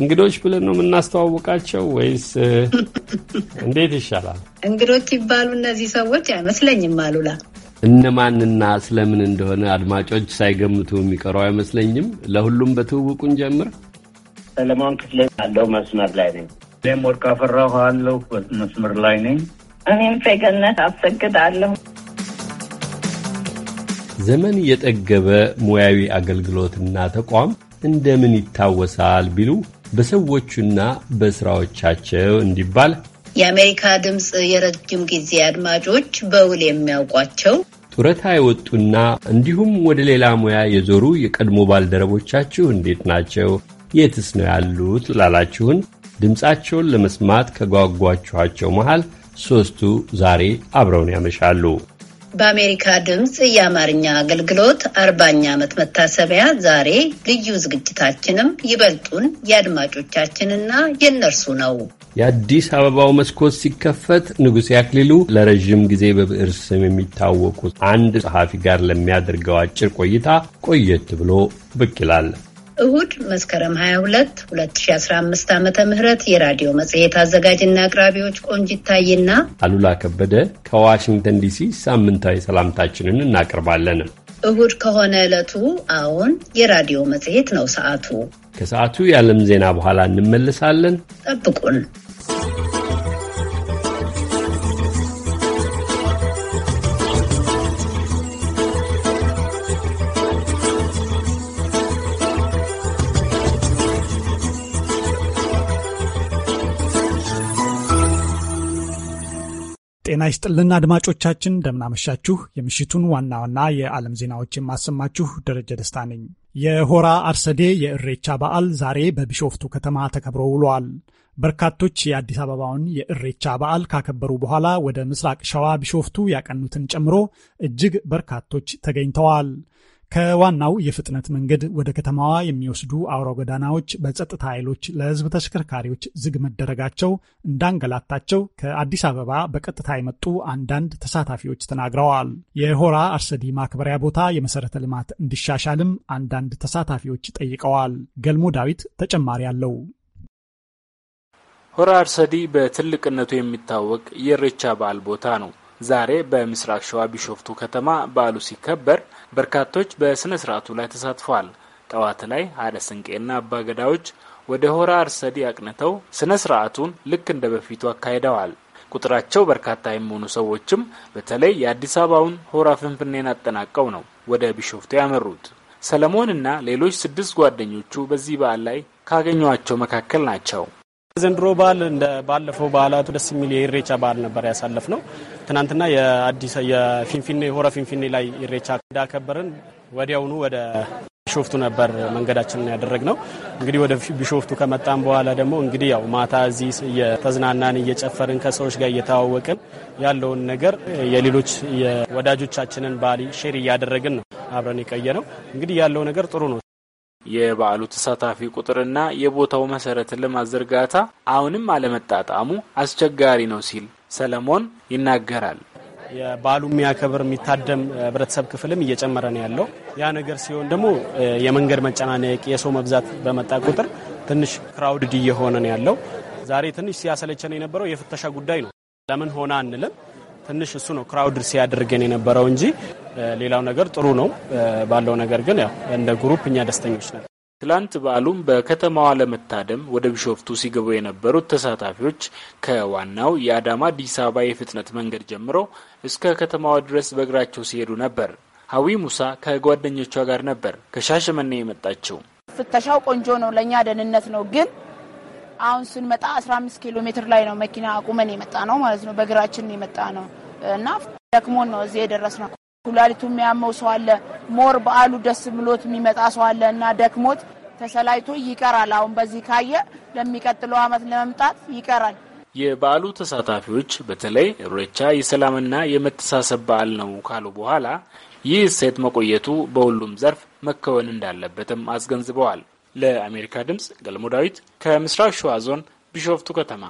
እንግዶች ብለን ነው የምናስተዋውቃቸው ወይስ እንዴት ይሻላል? እንግዶች ይባሉ እነዚህ ሰዎች አይመስለኝም አሉላ እነማንና ስለምን እንደሆነ አድማጮች ሳይገምቱ የሚቀሩ አይመስለኝም። ለሁሉም በትውውቁን ጀምር። ሰለሞን ክፍሌ አለው መስመር ላይ ነኝ። እኔም ወርቅ አፈራሁ አለው መስመር ላይ ነኝ። እኔም ፈገነት አሰግዳለሁ። ዘመን የጠገበ ሙያዊ አገልግሎትና ተቋም እንደምን ይታወሳል ቢሉ በሰዎቹና በስራዎቻቸው እንዲባል የአሜሪካ ድምፅ የረጅም ጊዜ አድማጮች በውል የሚያውቋቸው ጡረታ የወጡና እንዲሁም ወደ ሌላ ሙያ የዞሩ የቀድሞ ባልደረቦቻችሁ እንዴት ናቸው? የትስ ነው ያሉት ላላችሁን ድምፃቸውን ለመስማት ከጓጓችኋቸው መሃል ሦስቱ ዛሬ አብረውን ያመሻሉ። በአሜሪካ ድምፅ የአማርኛ አገልግሎት አርባኛ ዓመት መታሰቢያ ዛሬ ልዩ ዝግጅታችንም ይበልጡን የአድማጮቻችንና የእነርሱ ነው። የአዲስ አበባው መስኮት ሲከፈት ንጉሴ አክሊሉ ለረዥም ጊዜ በብዕር ስም የሚታወቁት አንድ ጸሐፊ ጋር ለሚያደርገው አጭር ቆይታ ቆየት ብሎ ብቅ ይላል። እሁድ መስከረም 22 2015 ዓ ም የራዲዮ መጽሔት አዘጋጅና አቅራቢዎች ቆንጅ ይታይና አሉላ ከበደ ከዋሽንግተን ዲሲ ሳምንታዊ ሰላምታችንን እናቀርባለን። እሁድ ከሆነ ዕለቱ አዎን፣ የራዲዮ መጽሔት ነው ሰዓቱ። ከሰዓቱ የዓለም ዜና በኋላ እንመልሳለን። ጠብቁን። ጤና ይስጥልን አድማጮቻችን፣ እንደምናመሻችሁ። የምሽቱን ዋና ዋና የዓለም ዜናዎች የማሰማችሁ ደረጀ ደስታ ነኝ። የሆራ አርሰዴ የእሬቻ በዓል ዛሬ በቢሾፍቱ ከተማ ተከብሮ ውሏል። በርካቶች የአዲስ አበባውን የእሬቻ በዓል ካከበሩ በኋላ ወደ ምስራቅ ሸዋ ቢሾፍቱ ያቀኑትን ጨምሮ እጅግ በርካቶች ተገኝተዋል። ከዋናው የፍጥነት መንገድ ወደ ከተማዋ የሚወስዱ አውራ ጎዳናዎች በጸጥታ ኃይሎች ለሕዝብ ተሽከርካሪዎች ዝግ መደረጋቸው እንዳንገላታቸው ከአዲስ አበባ በቀጥታ የመጡ አንዳንድ ተሳታፊዎች ተናግረዋል። የሆራ አርሰዲ ማክበሪያ ቦታ የመሰረተ ልማት እንዲሻሻልም አንዳንድ ተሳታፊዎች ጠይቀዋል። ገልሞ ዳዊት ተጨማሪ አለው። ሆራ አርሰዲ በትልቅነቱ የሚታወቅ የሬቻ በዓል ቦታ ነው። ዛሬ በምስራቅ ሸዋ ቢሾፍቱ ከተማ በዓሉ ሲከበር በርካቶች በሥነ ሥርዓቱ ላይ ተሳትፈዋል። ጠዋት ላይ ሀደ ስንቄና አባገዳዎች ወደ ሆራ አርሰዲ አቅንተው ሥነ ሥርዓቱን ልክ እንደ በፊቱ አካሂደዋል። ቁጥራቸው በርካታ የሚሆኑ ሰዎችም በተለይ የአዲስ አበባውን ሆራ ፍንፍኔን አጠናቀው ነው ወደ ቢሾፍቱ ያመሩት። ሰለሞን ና ሌሎች ስድስት ጓደኞቹ በዚህ በዓል ላይ ካገኟቸው መካከል ናቸው። ዘንድሮ በዓል እንደ ባለፈው በዓላቱ ደስ የሚል የኢሬቻ በዓል ነበር ያሳለፍ ነው። ትናንትና የአዲስ የፊንፊኔ ሆረ ፊንፊኔ ላይ ኢሬቻ እንዳከበርን ወዲያውኑ ወደ ቢሾፍቱ ነበር መንገዳችንን ያደረግነው። እንግዲህ ወደ ቢሾፍቱ ከመጣን በኋላ ደግሞ እንግዲህ ያው ማታ እዚህ እየተዝናናን እየጨፈርን ከሰዎች ጋር እየተዋወቅን ያለውን ነገር የሌሎች የወዳጆቻችንን ባህል ሼር እያደረግን ነው አብረን የቀየ ነው። እንግዲህ ያለው ነገር ጥሩ ነው። የበዓሉ ተሳታፊ ቁጥርና የቦታው መሰረት ልማት ዝርጋታ አሁንም አለመጣጣሙ አስቸጋሪ ነው ሲል ሰለሞን ይናገራል። የበዓሉ የሚያከብር የሚታደም ህብረተሰብ ክፍልም እየጨመረ ነው ያለው። ያ ነገር ሲሆን ደግሞ የመንገድ መጨናነቅ፣ የሰው መብዛት በመጣ ቁጥር ትንሽ ክራውድድ እየሆነ ነው ያለው። ዛሬ ትንሽ ሲያሰለቸን የነበረው የፍተሻ ጉዳይ ነው። ለምን ሆነ አንልም። ትንሽ እሱ ነው ክራውድ ሲያደርገን የነበረው እንጂ ሌላው ነገር ጥሩ ነው ባለው ነገር ግን ያው እንደ ግሩፕ እኛ ደስተኞች ነን። ትላንት በዓሉን በከተማዋ ለመታደም ወደ ቢሾፍቱ ሲገቡ የነበሩት ተሳታፊዎች ከዋናው የአዳማ አዲስ አበባ የፍጥነት መንገድ ጀምሮ እስከ ከተማዋ ድረስ በእግራቸው ሲሄዱ ነበር። ሀዊ ሙሳ ከጓደኞቿ ጋር ነበር ከሻሸመኔ የመጣቸው። ፍተሻው ቆንጆ ነው፣ ለእኛ ደህንነት ነው። ግን አሁን ስንመጣ 15 ኪሎ ሜትር ላይ ነው መኪና አቁመን የመጣ ነው ማለት ነው። በእግራችን የመጣ ነው እና ደክሞን ነው እዚህ ነው። ኩላሊቱ የሚያመው ሰው አለ። ሞር በዓሉ ደስ ብሎት የሚመጣ ሰው አለ እና ደክሞት ተሰላይቶ ይቀራል። አሁን በዚህ ካየ ለሚቀጥለው ዓመት ለመምጣት ይቀራል። የበዓሉ ተሳታፊዎች በተለይ ሮቻ የሰላምና የመተሳሰብ በዓል ነው ካሉ በኋላ ይህ እሴት መቆየቱ በሁሉም ዘርፍ መከወን እንዳለበትም አስገንዝበዋል። ለአሜሪካ ድምፅ ገልሞ ዳዊት ከምስራቅ ሸዋ ዞን ቢሾፍቱ ከተማ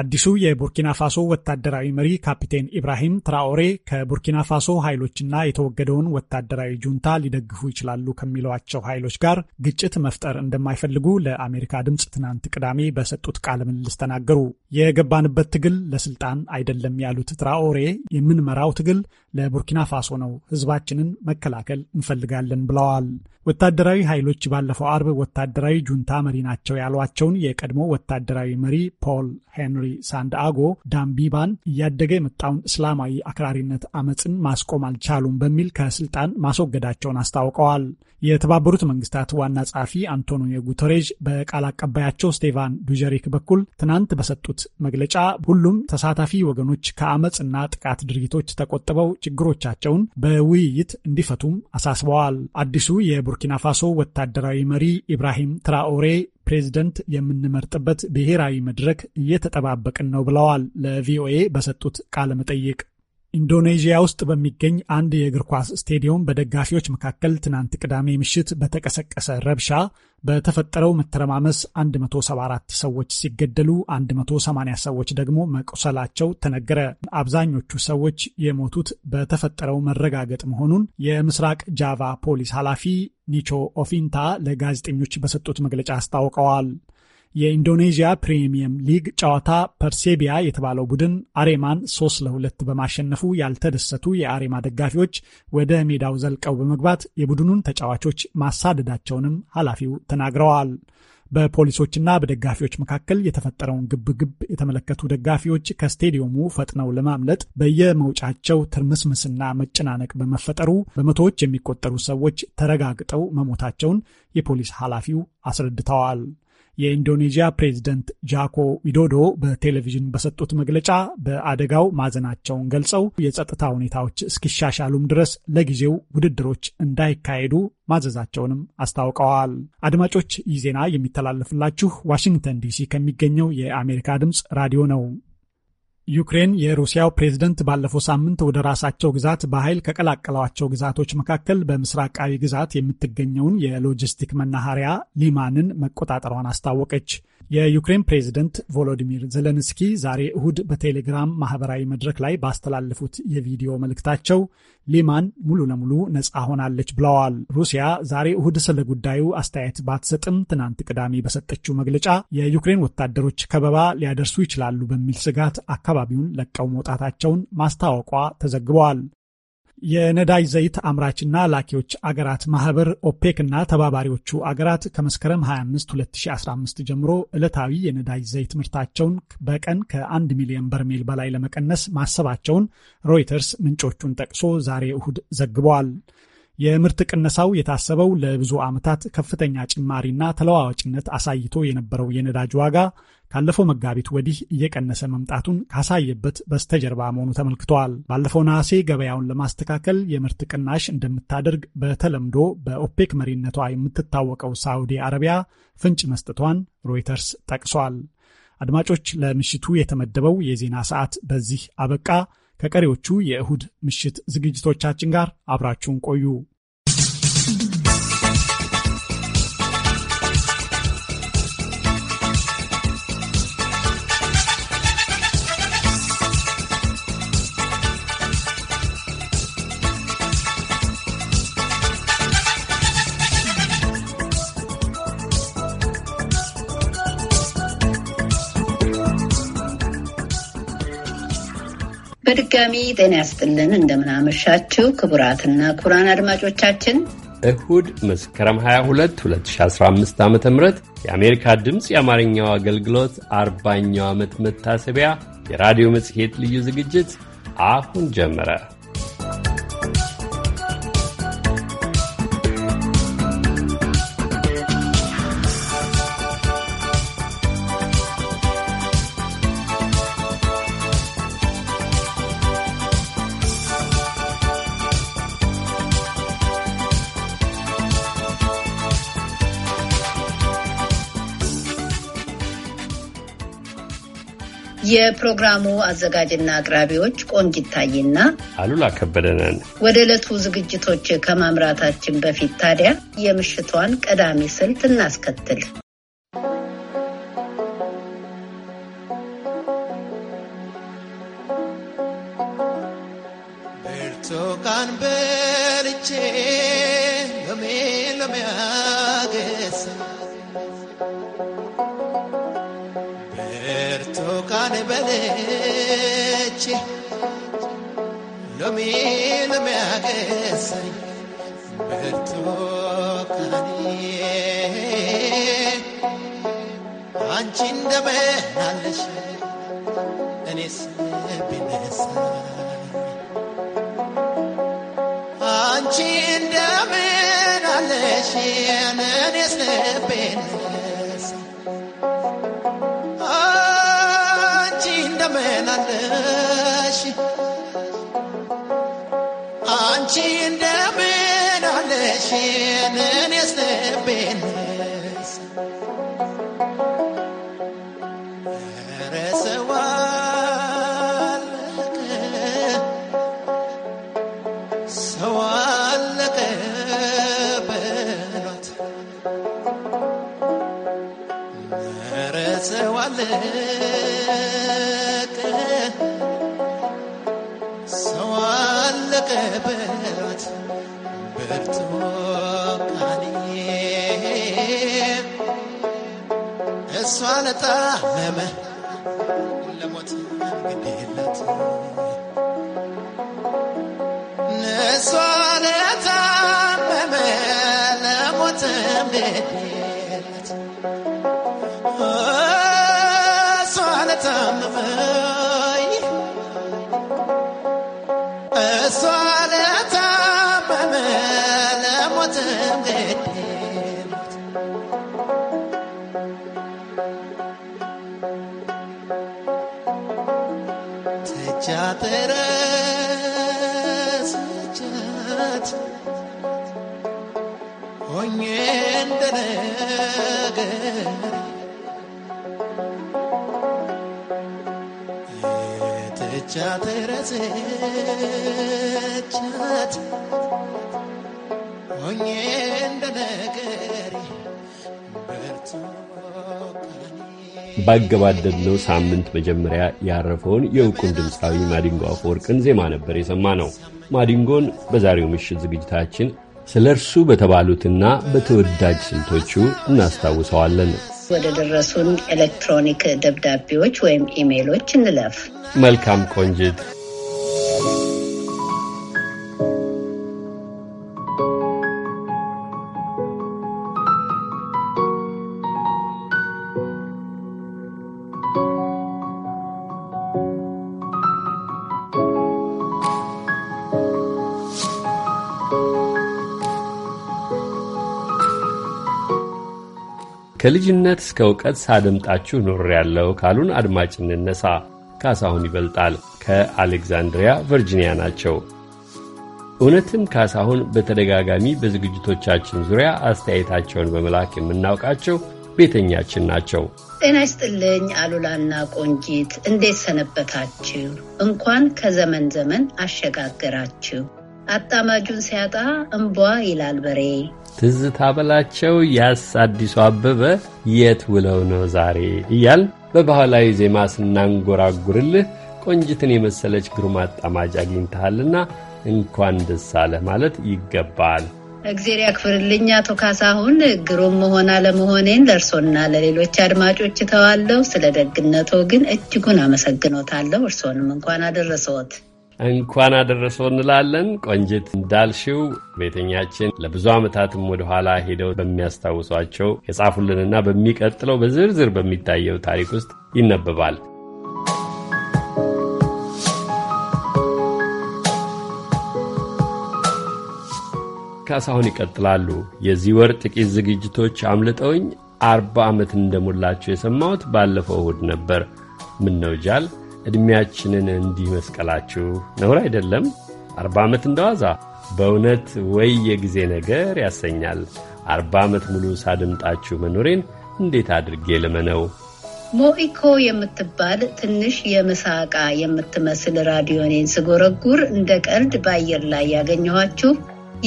አዲሱ የቡርኪና ፋሶ ወታደራዊ መሪ ካፒቴን ኢብራሂም ትራኦሬ ከቡርኪና ፋሶ ኃይሎችና የተወገደውን ወታደራዊ ጁንታ ሊደግፉ ይችላሉ ከሚሏቸው ኃይሎች ጋር ግጭት መፍጠር እንደማይፈልጉ ለአሜሪካ ድምፅ ትናንት ቅዳሜ በሰጡት ቃለ ምልልስ ተናገሩ። የገባንበት ትግል ለስልጣን አይደለም ያሉት ትራኦሬ የምንመራው ትግል ለቡርኪና ፋሶ ነው፣ ህዝባችንን መከላከል እንፈልጋለን ብለዋል። ወታደራዊ ኃይሎች ባለፈው አርብ ወታደራዊ ጁንታ መሪ ናቸው ያሏቸውን የቀድሞ ወታደራዊ መሪ ፖል ሄንሪ ሳንድአጎ ዳምቢባን እያደገ የመጣውን እስላማዊ አክራሪነት አመፅን ማስቆም አልቻሉም በሚል ከስልጣን ማስወገዳቸውን አስታውቀዋል። የተባበሩት መንግስታት ዋና ጸሐፊ አንቶኒዮ ጉተሬዥ በቃል አቀባያቸው ስቴቫን ዱጀሪክ በኩል ትናንት በሰጡት መግለጫ ሁሉም ተሳታፊ ወገኖች ከአመፅና ጥቃት ድርጊቶች ተቆጥበው ችግሮቻቸውን በውይይት እንዲፈቱም አሳስበዋል። አዲሱ የቡርኪና ፋሶ ወታደራዊ መሪ ኢብራሂም ትራኦሬ ፕሬዝደንት የምንመርጥበት ብሔራዊ መድረክ እየተጠባበቅን ነው ብለዋል። ለቪኦኤ በሰጡት ቃለ መጠይቅ ኢንዶኔዥያ ውስጥ በሚገኝ አንድ የእግር ኳስ ስቴዲየም በደጋፊዎች መካከል ትናንት ቅዳሜ ምሽት በተቀሰቀሰ ረብሻ በተፈጠረው መተረማመስ 174 ሰዎች ሲገደሉ 180 ሰዎች ደግሞ መቁሰላቸው ተነገረ። አብዛኞቹ ሰዎች የሞቱት በተፈጠረው መረጋገጥ መሆኑን የምስራቅ ጃቫ ፖሊስ ኃላፊ ኒቾ ኦፊንታ ለጋዜጠኞች በሰጡት መግለጫ አስታውቀዋል። የኢንዶኔዥያ ፕሪሚየም ሊግ ጨዋታ ፐርሴቢያ የተባለው ቡድን አሬማን ሶስት ለሁለት በማሸነፉ ያልተደሰቱ የአሬማ ደጋፊዎች ወደ ሜዳው ዘልቀው በመግባት የቡድኑን ተጫዋቾች ማሳደዳቸውንም ኃላፊው ተናግረዋል። በፖሊሶችና በደጋፊዎች መካከል የተፈጠረውን ግብግብ የተመለከቱ ደጋፊዎች ከስቴዲየሙ ፈጥነው ለማምለጥ በየመውጫቸው ትርምስምስና መጨናነቅ በመፈጠሩ በመቶዎች የሚቆጠሩ ሰዎች ተረጋግጠው መሞታቸውን የፖሊስ ኃላፊው አስረድተዋል። የኢንዶኔዥያ ፕሬዝደንት ጃኮ ዊዶዶ በቴሌቪዥን በሰጡት መግለጫ በአደጋው ማዘናቸውን ገልጸው የጸጥታ ሁኔታዎች እስኪሻሻሉም ድረስ ለጊዜው ውድድሮች እንዳይካሄዱ ማዘዛቸውንም አስታውቀዋል። አድማጮች ይህ ዜና የሚተላለፍላችሁ ዋሽንግተን ዲሲ ከሚገኘው የአሜሪካ ድምፅ ራዲዮ ነው። ዩክሬን የሩሲያው ፕሬዝደንት ባለፈው ሳምንት ወደ ራሳቸው ግዛት በኃይል ከቀላቀሏቸው ግዛቶች መካከል በምስራቃዊ ግዛት የምትገኘውን የሎጂስቲክ መናኸሪያ ሊማንን መቆጣጠሯን አስታወቀች። የዩክሬን ፕሬዝደንት ቮሎዲሚር ዘለንስኪ ዛሬ እሁድ በቴሌግራም ማህበራዊ መድረክ ላይ ባስተላለፉት የቪዲዮ መልእክታቸው ሊማን ሙሉ ለሙሉ ነፃ ሆናለች ብለዋል። ሩሲያ ዛሬ እሁድ ስለ ጉዳዩ አስተያየት ባትሰጥም ትናንት ቅዳሜ በሰጠችው መግለጫ የዩክሬን ወታደሮች ከበባ ሊያደርሱ ይችላሉ በሚል ስጋት አካባቢውን ለቀው መውጣታቸውን ማስታወቋ ተዘግበዋል። የነዳጅ ዘይት አምራችና ላኪዎች አገራት ማህበር ኦፔክ እና ተባባሪዎቹ አገራት ከመስከረም 25 2015 ጀምሮ ዕለታዊ የነዳጅ ዘይት ምርታቸውን በቀን ከ1 ሚሊዮን በርሜል በላይ ለመቀነስ ማሰባቸውን ሮይተርስ ምንጮቹን ጠቅሶ ዛሬ እሁድ ዘግበዋል። የምርት ቅነሳው የታሰበው ለብዙ ዓመታት ከፍተኛ ጭማሪና ተለዋዋጭነት አሳይቶ የነበረው የነዳጅ ዋጋ ካለፈው መጋቢት ወዲህ እየቀነሰ መምጣቱን ካሳየበት በስተጀርባ መሆኑ ተመልክተዋል። ባለፈው ነሐሴ ገበያውን ለማስተካከል የምርት ቅናሽ እንደምታደርግ በተለምዶ በኦፔክ መሪነቷ የምትታወቀው ሳዑዲ አረቢያ ፍንጭ መስጠቷን ሮይተርስ ጠቅሷል። አድማጮች፣ ለምሽቱ የተመደበው የዜና ሰዓት በዚህ አበቃ። ከቀሪዎቹ የእሁድ ምሽት ዝግጅቶቻችን ጋር አብራችሁን ቆዩ። በድጋሚ ጤና ያስጥልን። እንደምናመሻችው ክቡራትና ክቡራን አድማጮቻችን እሁድ መስከረም 22 2015 ዓ ም የአሜሪካ ድምፅ የአማርኛው አገልግሎት አርባኛው ዓመት መታሰቢያ የራዲዮ መጽሔት ልዩ ዝግጅት አሁን ጀመረ። የፕሮግራሙ አዘጋጅና አቅራቢዎች ቆንጅ ይታይና አሉላ ከበደ ነን። ወደ ዕለቱ ዝግጅቶች ከማምራታችን በፊት ታዲያ የምሽቷን ቀዳሚ ስልት እናስከትል። በልቼ ሎሚ ሎሚ ያገሰኝ ብርቱካኔ አንቺ እንደምናለሽ እኔስ ብነሳ አንቺ እንደምናለሽ እኔስ ብነሳ አለሽ አንቺ እንደምን አለሽ ንን እሷን ታመመ ለሞት ግዴለት እሷን ታመመ ለሞት ግዴለት እሷን ታመመ ቻት ሆኜ እንደ በርቱ። ባገባደድነው ሳምንት መጀመሪያ ያረፈውን የእውቁን ድምፃዊ ማዲንጎ አፈወርቅን ዜማ ነበር የሰማ ነው። ማዲንጎን በዛሬው ምሽት ዝግጅታችን ስለ እርሱ በተባሉትና በተወዳጅ ስልቶቹ እናስታውሰዋለን። ወደ ደረሱን ኤሌክትሮኒክ ደብዳቤዎች ወይም ኢሜይሎች እንለፍ። መልካም ቆንጅት። ከልጅነት እስከ እውቀት ሳደምጣችሁ ኖር ያለው ካሉን አድማጭ እንነሳ። ካሳሁን ይበልጣል ከአሌክዛንድሪያ ቨርጂኒያ ናቸው። እውነትም ካሳሁን በተደጋጋሚ በዝግጅቶቻችን ዙሪያ አስተያየታቸውን በመላክ የምናውቃቸው ቤተኛችን ናቸው። ጤና ይስጥልኝ አሉላና ቆንጂት፣ እንዴት ሰነበታችሁ? እንኳን ከዘመን ዘመን አሸጋገራችሁ። አጣማጁን ሲያጣ እምቧ ይላል በሬ ትዝታ በላቸው፣ ያስ አዲሱ አበበ የት ውለው ነው ዛሬ እያል በባህላዊ ዜማ ስናንጎራጉርልህ ቆንጅትን የመሰለች ግሩም አጣማጅ አግኝተሃልና እንኳን ደስ አለህ ማለት ይገባል። እግዜር ያክፍርልኝ አቶ ካሳሁን፣ ግሩም መሆን አለመሆኔን ለእርሶና ለሌሎች አድማጮች ተዋለው። ስለ ደግነቶ ግን እጅጉን አመሰግኖታለሁ። እርሶንም እንኳን አደረሰዎት። እንኳን አደረሰው እንላለን። ቆንጅት እንዳልሽው ቤተኛችን ለብዙ ዓመታትም ወደኋላ ሄደው በሚያስታውሷቸው የጻፉልንና በሚቀጥለው በዝርዝር በሚታየው ታሪክ ውስጥ ይነበባል። ካሳሁን ይቀጥላሉ። የዚህ ወር ጥቂት ዝግጅቶች አምልጠውኝ አርባ ዓመት እንደሞላቸው የሰማሁት ባለፈው እሁድ ነበር። ምን ነው ጃል ዕድሜያችንን እንዲህ መስቀላችሁ ነውር አይደለም። አርባ ዓመት እንደዋዛ በእውነት ወይ የጊዜ ነገር ያሰኛል። አርባ ዓመት ሙሉ ሳድምጣችሁ መኖሬን እንዴት አድርጌ ልመነው? ሞኢኮ የምትባል ትንሽ የመሳቃ የምትመስል ራዲዮኔን ስጎረጉር እንደ ቀልድ በአየር ላይ ያገኘኋችሁ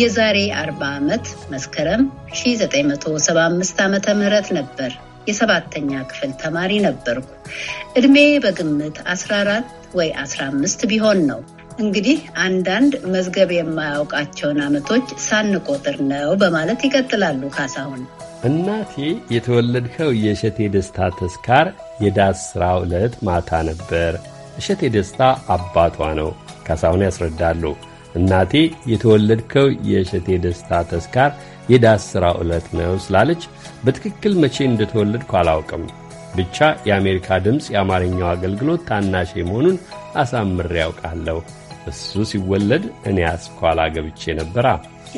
የዛሬ አርባ ዓመት መስከረም 1975 ዓ ም ነበር። የሰባተኛ ክፍል ተማሪ ነበርኩ። እድሜ በግምት 14 ወይ 15 ቢሆን ነው። እንግዲህ አንዳንድ መዝገብ የማያውቃቸውን ዓመቶች ሳንቆጥር ነው በማለት ይቀጥላሉ ካሳሁን። እናቴ የተወለድከው የእሸቴ ደስታ ተስካር የዳስ ሥራ ዕለት ማታ ነበር። እሸቴ ደስታ አባቷ ነው። ካሳሁን ያስረዳሉ። እናቴ የተወለድከው የእሸቴ ደስታ ተስካር የዳስ ሥራ ዕለት ነው ስላለች በትክክል መቼ እንደተወለድኩ አላውቅም። ብቻ የአሜሪካ ድምፅ የአማርኛው አገልግሎት ታናሼ መሆኑን አሳምሬ ያውቃለሁ። እሱ ሲወለድ እኔ አስኳላ ገብቼ ነበራ።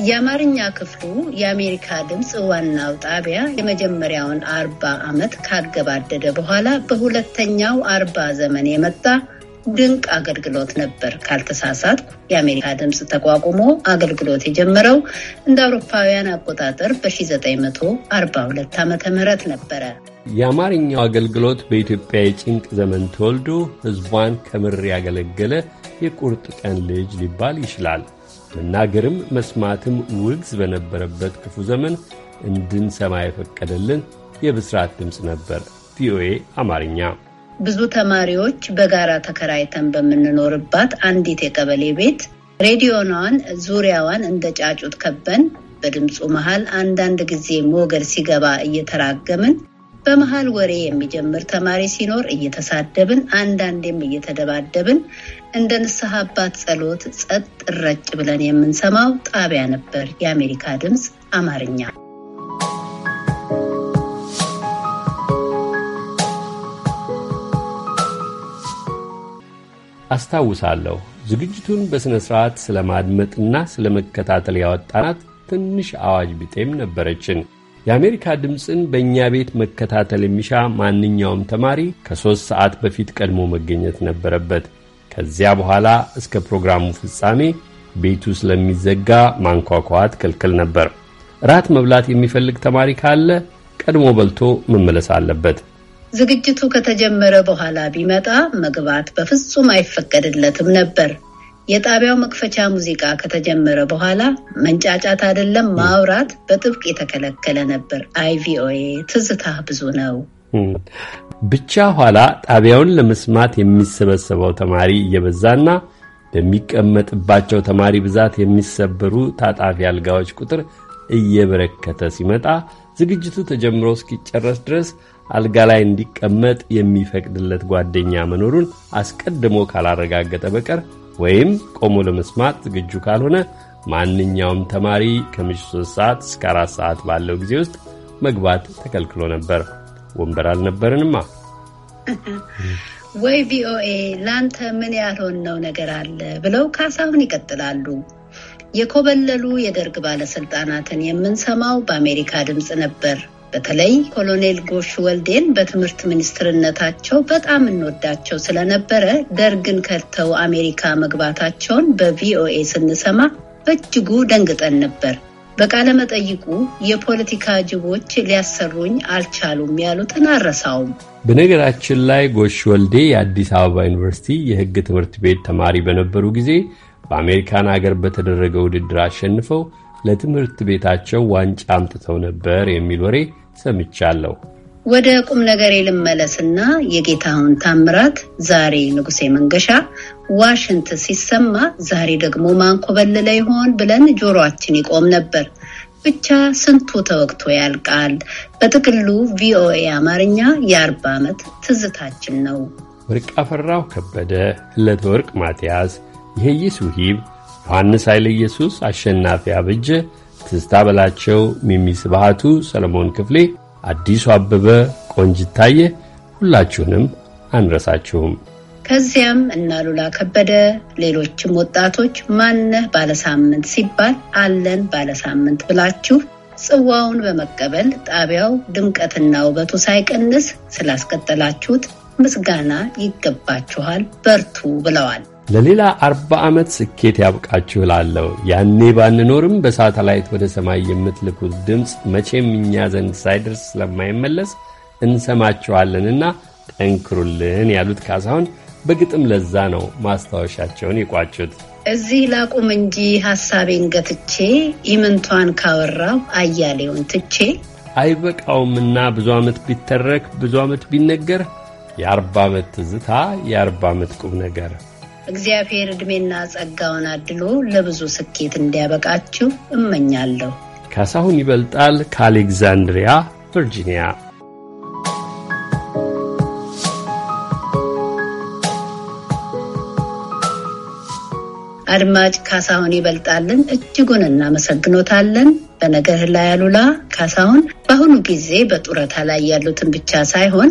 የአማርኛ ክፍሉ የአሜሪካ ድምፅ ዋናው ጣቢያ የመጀመሪያውን አርባ ዓመት ካገባደደ በኋላ በሁለተኛው አርባ ዘመን የመጣ ድንቅ አገልግሎት ነበር። ካልተሳሳትኩ የአሜሪካ ድምፅ ተቋቁሞ አገልግሎት የጀመረው እንደ አውሮፓውያን አቆጣጠር በ1942 ዓ ም ነበረ። የአማርኛው አገልግሎት በኢትዮጵያ የጭንቅ ዘመን ተወልዶ ሕዝቧን ከምር ያገለገለ የቁርጥ ቀን ልጅ ሊባል ይችላል። መናገርም መስማትም ውግዝ በነበረበት ክፉ ዘመን እንድንሰማ የፈቀደልን የብስራት ድምፅ ነበር ቪኦኤ አማርኛ። ብዙ ተማሪዎች በጋራ ተከራይተን በምንኖርባት አንዲት የቀበሌ ቤት ሬዲዮኗን ዙሪያዋን እንደ ጫጩት ከበን በድምፁ መሃል አንዳንድ ጊዜ ሞገድ ሲገባ እየተራገምን በመሃል ወሬ የሚጀምር ተማሪ ሲኖር እየተሳደብን አንዳንዴም እየተደባደብን እንደ ንስሐ አባት ጸሎት ጸጥ ረጭ ብለን የምንሰማው ጣቢያ ነበር። የአሜሪካ ድምፅ አማርኛ አስታውሳለሁ። ዝግጅቱን በሥነ ሥርዓት ስለ ማድመጥና ስለ መከታተል ያወጣናት ትንሽ አዋጅ ቢጤም ነበረችን። የአሜሪካ ድምፅን በእኛ ቤት መከታተል የሚሻ ማንኛውም ተማሪ ከሦስት ሰዓት በፊት ቀድሞ መገኘት ነበረበት። ከዚያ በኋላ እስከ ፕሮግራሙ ፍጻሜ ቤቱ ስለሚዘጋ ማንኳኳት ክልክል ነበር። ራት መብላት የሚፈልግ ተማሪ ካለ ቀድሞ በልቶ መመለስ አለበት። ዝግጅቱ ከተጀመረ በኋላ ቢመጣ መግባት በፍጹም አይፈቀድለትም ነበር። የጣቢያው መክፈቻ ሙዚቃ ከተጀመረ በኋላ መንጫጫት አይደለም ማውራት በጥብቅ የተከለከለ ነበር። አይቪኦኤ ትዝታ ብዙ ነው። ብቻ ኋላ ጣቢያውን ለመስማት የሚሰበሰበው ተማሪ እየበዛና በሚቀመጥባቸው ተማሪ ብዛት የሚሰበሩ ታጣፊ አልጋዎች ቁጥር እየበረከተ ሲመጣ ዝግጅቱ ተጀምሮ እስኪጨረስ ድረስ አልጋ ላይ እንዲቀመጥ የሚፈቅድለት ጓደኛ መኖሩን አስቀድሞ ካላረጋገጠ በቀር ወይም ቆሞ ለመስማት ዝግጁ ካልሆነ ማንኛውም ተማሪ ከምሽቱ 3 ሰዓት እስከ 4 ሰዓት ባለው ጊዜ ውስጥ መግባት ተከልክሎ ነበር። ወንበር አልነበርንማ። ወይ ቪኦኤ ለአንተ ምን ያልሆነው ነገር አለ ብለው ካሳሁን ይቀጥላሉ። የኮበለሉ የደርግ ባለስልጣናትን የምንሰማው በአሜሪካ ድምፅ ነበር። በተለይ ኮሎኔል ጎሽ ወልዴን በትምህርት ሚኒስትርነታቸው በጣም እንወዳቸው ስለነበረ ደርግን ከተው አሜሪካ መግባታቸውን በቪኦኤ ስንሰማ በእጅጉ ደንግጠን ነበር። በቃለ መጠይቁ የፖለቲካ ጅቦች ሊያሰሩኝ አልቻሉም ያሉትን አረሳውም። በነገራችን ላይ ጎሽ ወልዴ የአዲስ አበባ ዩኒቨርሲቲ የሕግ ትምህርት ቤት ተማሪ በነበሩ ጊዜ በአሜሪካን አገር በተደረገ ውድድር አሸንፈው ለትምህርት ቤታቸው ዋንጫ አምጥተው ነበር የሚል ወሬ ሰምቻለሁ። ወደ ቁም ነገሬ ልመለስና የጌታሁን ታምራት ዛሬ ንጉሴ መንገሻ ዋሽንት ሲሰማ ዛሬ ደግሞ ማንኮበልለ ይሆን ብለን ጆሮአችን ይቆም ነበር። ብቻ ስንቱ ተወቅቶ ያልቃል። በጥቅሉ ቪኦኤ አማርኛ የአርባ ዓመት ትዝታችን ነው። ወርቅ አፈራው ከበደ፣ እለት ወርቅ ማትያስ፣ ይሄይስ ውሂብ፣ ዮሐንስ ኃይለ ኢየሱስ፣ አሸናፊ አብጅ! ትዝታ በላቸው፣ ሚሚ ስብሃቱ፣ ሰለሞን ክፍሌ፣ አዲሱ አበበ፣ ቆንጅታየ ሁላችሁንም አንረሳችሁም። ከዚያም እና ሉላ ከበደ ሌሎችም ወጣቶች ማነህ ባለሳምንት ሲባል አለን ባለሳምንት ብላችሁ ጽዋውን በመቀበል ጣቢያው ድምቀትና ውበቱ ሳይቀንስ ስላስቀጠላችሁት ምስጋና ይገባችኋል፣ በርቱ ብለዋል። ለሌላ አርባ ዓመት ስኬት ያብቃችሁ እላለሁ። ያኔ ባንኖርም በሳተላይት ወደ ሰማይ የምትልኩት ድምፅ መቼም እኛ ዘንድ ሳይደርስ ስለማይመለስ እንሰማችኋለንና ጠንክሩልን ያሉት ካሳሁን በግጥም ለዛ ነው ማስታወሻቸውን ይቋጩት እዚህ ላቁም እንጂ ሐሳቤን ገትቼ ኢምንቷን ካወራው አያሌውን ትቼ አይበቃውምና ብዙ ዓመት ቢተረክ ብዙ ዓመት ቢነገር የአርባ ዓመት ትዝታ የአርባ ዓመት ቁም ነገር እግዚአብሔር ዕድሜና ጸጋውን አድሎ ለብዙ ስኬት እንዲያበቃችሁ እመኛለሁ። ካሳሁን ይበልጣል ከአሌግዛንድሪያ ቨርጂኒያ። አድማጭ ካሳሁን ይበልጣልን እጅጉን እናመሰግኖታለን። በነገር ላይ አሉላ ካሳሁን በአሁኑ ጊዜ በጡረታ ላይ ያሉትን ብቻ ሳይሆን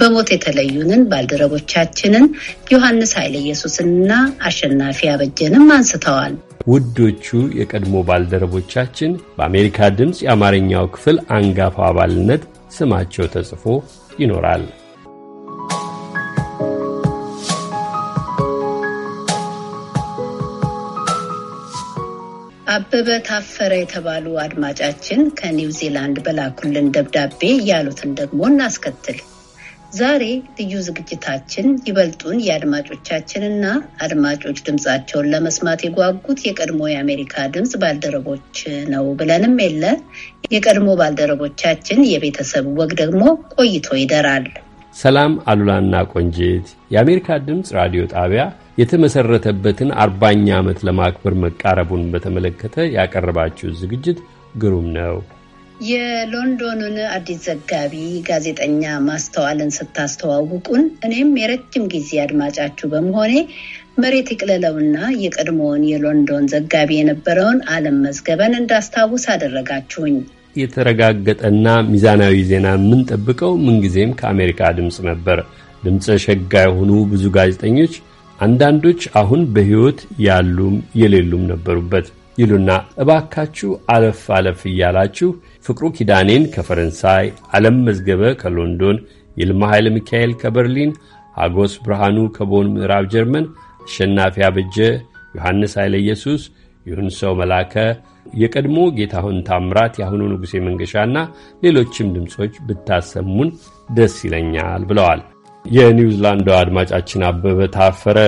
በሞት የተለዩንን ባልደረቦቻችንን ዮሐንስ ኃይለ ኢየሱስንና አሸናፊ አበጀንም አንስተዋል። ውዶቹ የቀድሞ ባልደረቦቻችን በአሜሪካ ድምፅ የአማርኛው ክፍል አንጋፋ አባልነት ስማቸው ተጽፎ ይኖራል። አበበ ታፈረ የተባሉ አድማጫችን ከኒው ዚላንድ በላኩልን ደብዳቤ ያሉትን ደግሞ እናስከትል። ዛሬ ልዩ ዝግጅታችን ይበልጡን የአድማጮቻችንና አድማጮች ድምፃቸውን ለመስማት የጓጉት የቀድሞ የአሜሪካ ድምፅ ባልደረቦች ነው ብለንም የለ የቀድሞ ባልደረቦቻችን የቤተሰብ ወግ ደግሞ ቆይቶ ይደራል። ሰላም አሉላና ቆንጂት የአሜሪካ ድምፅ ራዲዮ ጣቢያ የተመሰረተበትን አርባኛ ዓመት ለማክበር መቃረቡን በተመለከተ ያቀረባችው ዝግጅት ግሩም ነው። የሎንዶኑን አዲስ ዘጋቢ ጋዜጠኛ ማስተዋልን ስታስተዋውቁን እኔም የረጅም ጊዜ አድማጫችሁ በመሆኔ መሬት የቅለለውና የቀድሞውን የሎንዶን ዘጋቢ የነበረውን አለም መዝገበን እንዳስታውስ አደረጋችሁኝ። የተረጋገጠና ሚዛናዊ ዜና የምንጠብቀው ምንጊዜም ከአሜሪካ ድምፅ ነበር። ድምፀ ሸጋ የሆኑ ብዙ ጋዜጠኞች፣ አንዳንዶች አሁን በሕይወት ያሉም የሌሉም ነበሩበት ይሉና እባካችሁ አለፍ አለፍ እያላችሁ ፍቅሩ ኪዳኔን ከፈረንሳይ፣ ዓለም መዝገበ ከሎንዶን፣ ይልማ ኃይለ ሚካኤል ከበርሊን፣ አጎስ ብርሃኑ ከቦን ምዕራብ ጀርመን፣ አሸናፊ አበጀ፣ ዮሐንስ ኃይለ ኢየሱስ፣ ይሁን ሰው መላከ የቀድሞ ጌታሁን ታምራት፣ የአሁኑ ንጉሴ መንገሻና ሌሎችም ድምፆች ብታሰሙን ደስ ይለኛል ብለዋል። የኒውዚላንዱ አድማጫችን አበበ ታፈረ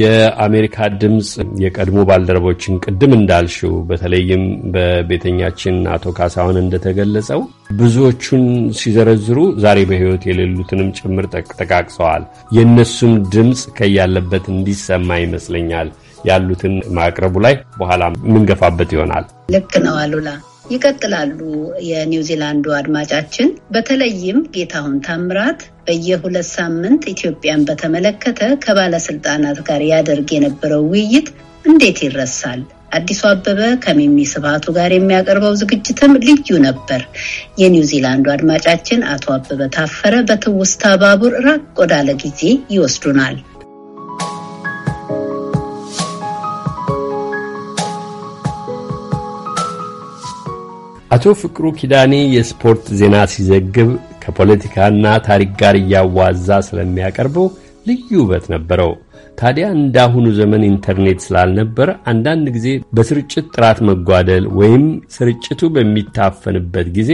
የአሜሪካ ድምፅ የቀድሞ ባልደረቦችን ቅድም እንዳልሽው በተለይም በቤተኛችን አቶ ካሳሁን እንደተገለጸው ብዙዎቹን ሲዘረዝሩ ዛሬ በሕይወት የሌሉትንም ጭምር ጠቃቅሰዋል። የእነሱም ድምፅ ከያለበት እንዲሰማ ይመስለኛል ያሉትን ማቅረቡ ላይ በኋላ የምንገፋበት ይሆናል። ልክ ነው አሉላ። ይቀጥላሉ የኒውዚላንዱ አድማጫችን። በተለይም ጌታሁን ታምራት በየሁለት ሳምንት ኢትዮጵያን በተመለከተ ከባለስልጣናት ጋር ያደርግ የነበረው ውይይት እንዴት ይረሳል? አዲሱ አበበ ከሚሚ ስብሃቱ ጋር የሚያቀርበው ዝግጅትም ልዩ ነበር። የኒው ዚላንዱ አድማጫችን አቶ አበበ ታፈረ በትውስታ ባቡር ራቅ ወዳለ ጊዜ ይወስዱናል። አቶ ፍቅሩ ኪዳኔ የስፖርት ዜና ሲዘግብ ከፖለቲካና ታሪክ ጋር እያዋዛ ስለሚያቀርበው ልዩ ውበት ነበረው። ታዲያ እንዳሁኑ ዘመን ኢንተርኔት ስላልነበር አንዳንድ ጊዜ በስርጭት ጥራት መጓደል ወይም ስርጭቱ በሚታፈንበት ጊዜ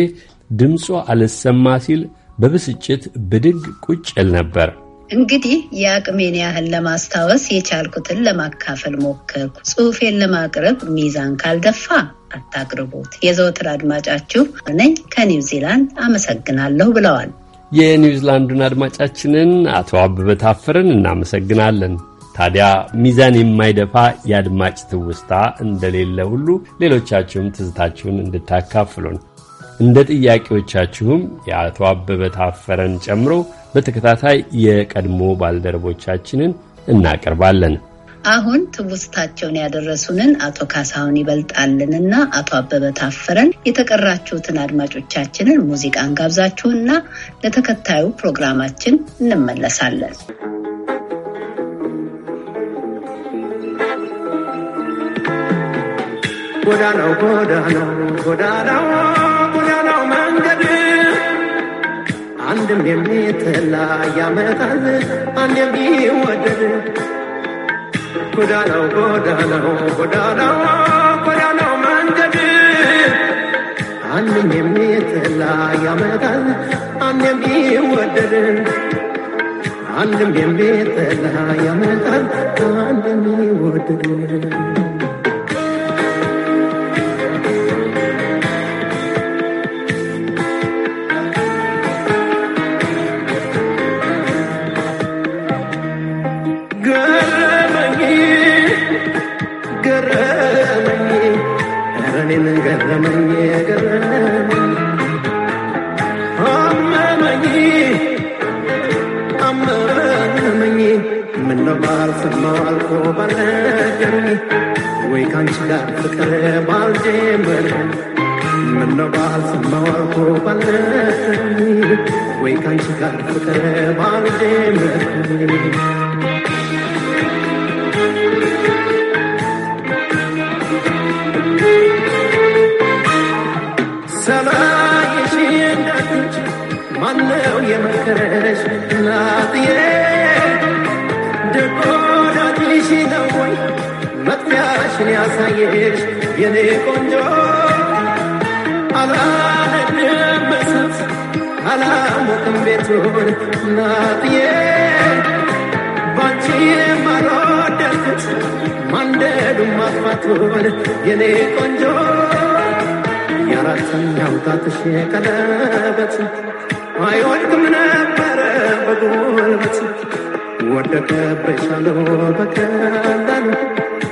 ድምፁ አልሰማ ሲል በብስጭት ብድግ ቁጭ ነበር። እንግዲህ የአቅሜን ያህል ለማስታወስ የቻልኩትን ለማካፈል ሞከርኩ። ጽሑፌን ለማቅረብ ሚዛን ካልደፋ አታቅርቡት። የዘወትር አድማጫችሁ ነኝ ከኒውዚላንድ አመሰግናለሁ ብለዋል። የኒውዚላንዱን አድማጫችንን አቶ አበበ ታፈርን እናመሰግናለን። ታዲያ ሚዛን የማይደፋ የአድማጭ ትውስታ እንደሌለ ሁሉ ሌሎቻችሁም ትዝታችሁን እንድታካፍሉን እንደ ጥያቄዎቻችሁም የአቶ አበበ ታፈረን ጨምሮ በተከታታይ የቀድሞ ባልደረቦቻችንን እናቀርባለን። አሁን ትውስታቸውን ያደረሱንን አቶ ካሳሁን ይበልጣልን ይበልጣልንና አቶ አበበ ታፈረን የተቀራችሁትን አድማጮቻችንን ሙዚቃን ጋብዛችሁና ለተከታዩ ፕሮግራማችን እንመለሳለን። ጎዳናው ጎዳናው ጎዳናው ጎዳናው መንገድ አንድም የሚጠላ ያመጣል አንድ የሚወደድ ጎዳናው ጎዳናው ጎዳናው ጎዳናው መንገድ አንም የሚጠላ ያመጣል አንም ይወደድ አንድም የሚጠላ ያመጣል አንድም ይወደድ ባልነገሩኝ ወይ ካንቺ ጋር ፍቅር ባልጀመር ምነው ማነው የመከረሽ ናትዬ ኢትዮጵያሽን ያሳየሽ የኔ ቆንጆ አላነድም እሳት አላሞቅም ቤቱን እናትዬ ባንቺ የማልወደድኩት ማንደዱን ማጥፋቱን የኔ ቆንጆ የአራተኛው ጣትሽ ቀለበት አይወድቅም ነበረ በጉልበት ወደቀበሻሎ በቀላሉ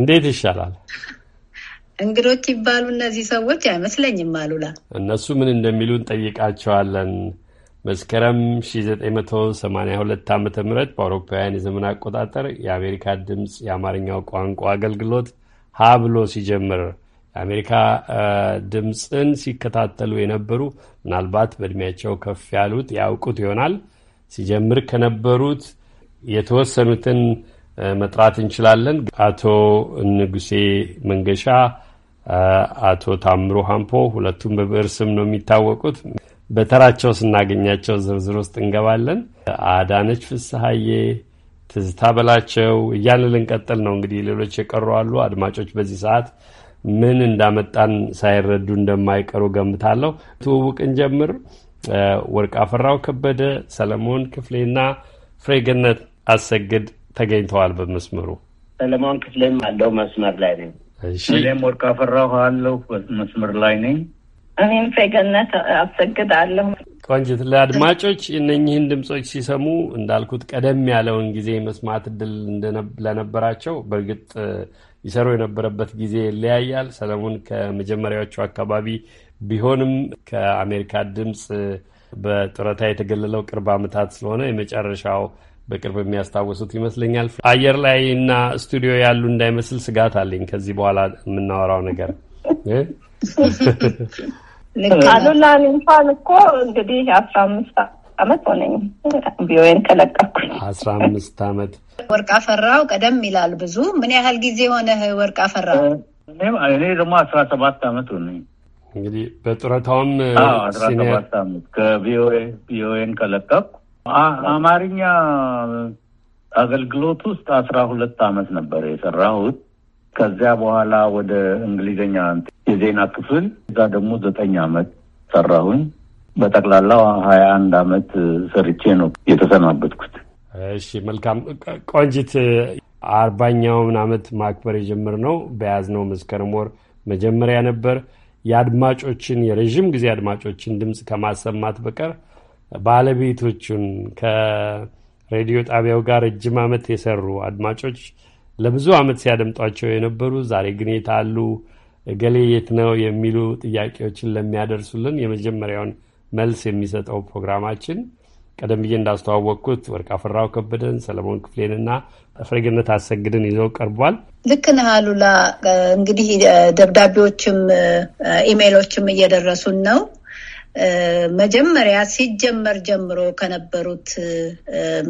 እንዴት ይሻላል? እንግዶች ይባሉ እነዚህ ሰዎች አይመስለኝም። አሉላ እነሱ ምን እንደሚሉ እንጠይቃቸዋለን። መስከረም 1982 ዓ ም በአውሮፓውያን የዘመን አቆጣጠር የአሜሪካ ድምፅ የአማርኛው ቋንቋ አገልግሎት ሀ ብሎ ሲጀምር የአሜሪካ ድምፅን ሲከታተሉ የነበሩ ምናልባት በእድሜያቸው ከፍ ያሉት ያውቁት ይሆናል። ሲጀምር ከነበሩት የተወሰኑትን መጥራት እንችላለን። አቶ ንጉሴ መንገሻ፣ አቶ ታምሮ ሀምፖ ሁለቱም በብዕር ስም ነው የሚታወቁት። በተራቸው ስናገኛቸው ዝርዝር ውስጥ እንገባለን። አዳነች ፍስሀዬ፣ ትዝታ በላቸው እያን ልንቀጥል ነው። እንግዲህ ሌሎች የቀሩ አሉ። አድማጮች በዚህ ሰዓት ምን እንዳመጣን ሳይረዱ እንደማይቀሩ ገምታለሁ። ትውውቅን ጀምር። ወርቅ አፈራው ከበደ፣ ሰለሞን ክፍሌና ፍሬገነት አሰግድ ተገኝተዋል። በመስመሩ ሰለሞን ክፍሌም አለው መስመር ላይ ነኝ። እም ወርቅ አፈራሁ አለው መስመር ላይ ነኝ። እኔም ፌገነት አሰግዳለሁ። ቆንጅት ለአድማጮች እነኚህን ድምፆች ሲሰሙ እንዳልኩት ቀደም ያለውን ጊዜ መስማት እድል ለነበራቸው በእርግጥ ይሰሩ የነበረበት ጊዜ ይለያያል። ሰለሞን ከመጀመሪያዎቹ አካባቢ ቢሆንም ከአሜሪካ ድምፅ በጡረታ የተገለለው ቅርብ ዓመታት ስለሆነ የመጨረሻው በቅርብ የሚያስታውሱት ይመስለኛል። አየር ላይ እና ስቱዲዮ ያሉ እንዳይመስል ስጋት አለኝ ከዚህ በኋላ የምናወራው ነገር ካሉላ እንኳን እኮ እንግዲህ አስራ አምስት አመት ሆነኝ ቪኦኤን ከለቀኩ። አስራ አምስት አመት። ወርቅ አፈራው ቀደም ይላል ብዙ። ምን ያህል ጊዜ ሆነህ ወርቅ አፈራው? እኔ ደግሞ አስራ ሰባት አመት ሆነኝ እንግዲህ በጡረታውም አስራ ሰባት አመት ከቪኦኤን ከለቀኩ አማርኛ አገልግሎት ውስጥ አስራ ሁለት አመት ነበር የሰራሁት። ከዚያ በኋላ ወደ እንግሊዝኛ የዜና ክፍል እዛ ደግሞ ዘጠኝ አመት ሰራሁኝ። በጠቅላላው ሀያ አንድ አመት ሰርቼ ነው የተሰናበትኩት። እሺ መልካም ቆንጂት። አርባኛውን አመት ማክበር የጀመርነው በያዝነው መስከረም ወር መጀመሪያ ነበር። የአድማጮችን የረዥም ጊዜ አድማጮችን ድምፅ ከማሰማት በቀር ባለቤቶቹን ከሬዲዮ ጣቢያው ጋር ረጅም ዓመት የሰሩ አድማጮች ለብዙ ዓመት ሲያደምጧቸው የነበሩ ዛሬ ግን የት አሉ እገሌ የት ነው የሚሉ ጥያቄዎችን ለሚያደርሱልን የመጀመሪያውን መልስ የሚሰጠው ፕሮግራማችን ቀደም ብዬ እንዳስተዋወቅኩት ወርቅ አፈራው ከበደን፣ ሰለሞን ክፍሌንና ፍሬግነት አሰግድን ይዘው ቀርቧል። ልክ ነህ አሉላ። እንግዲህ ደብዳቤዎችም ኢሜይሎችም እየደረሱን ነው። መጀመሪያ ሲጀመር ጀምሮ ከነበሩት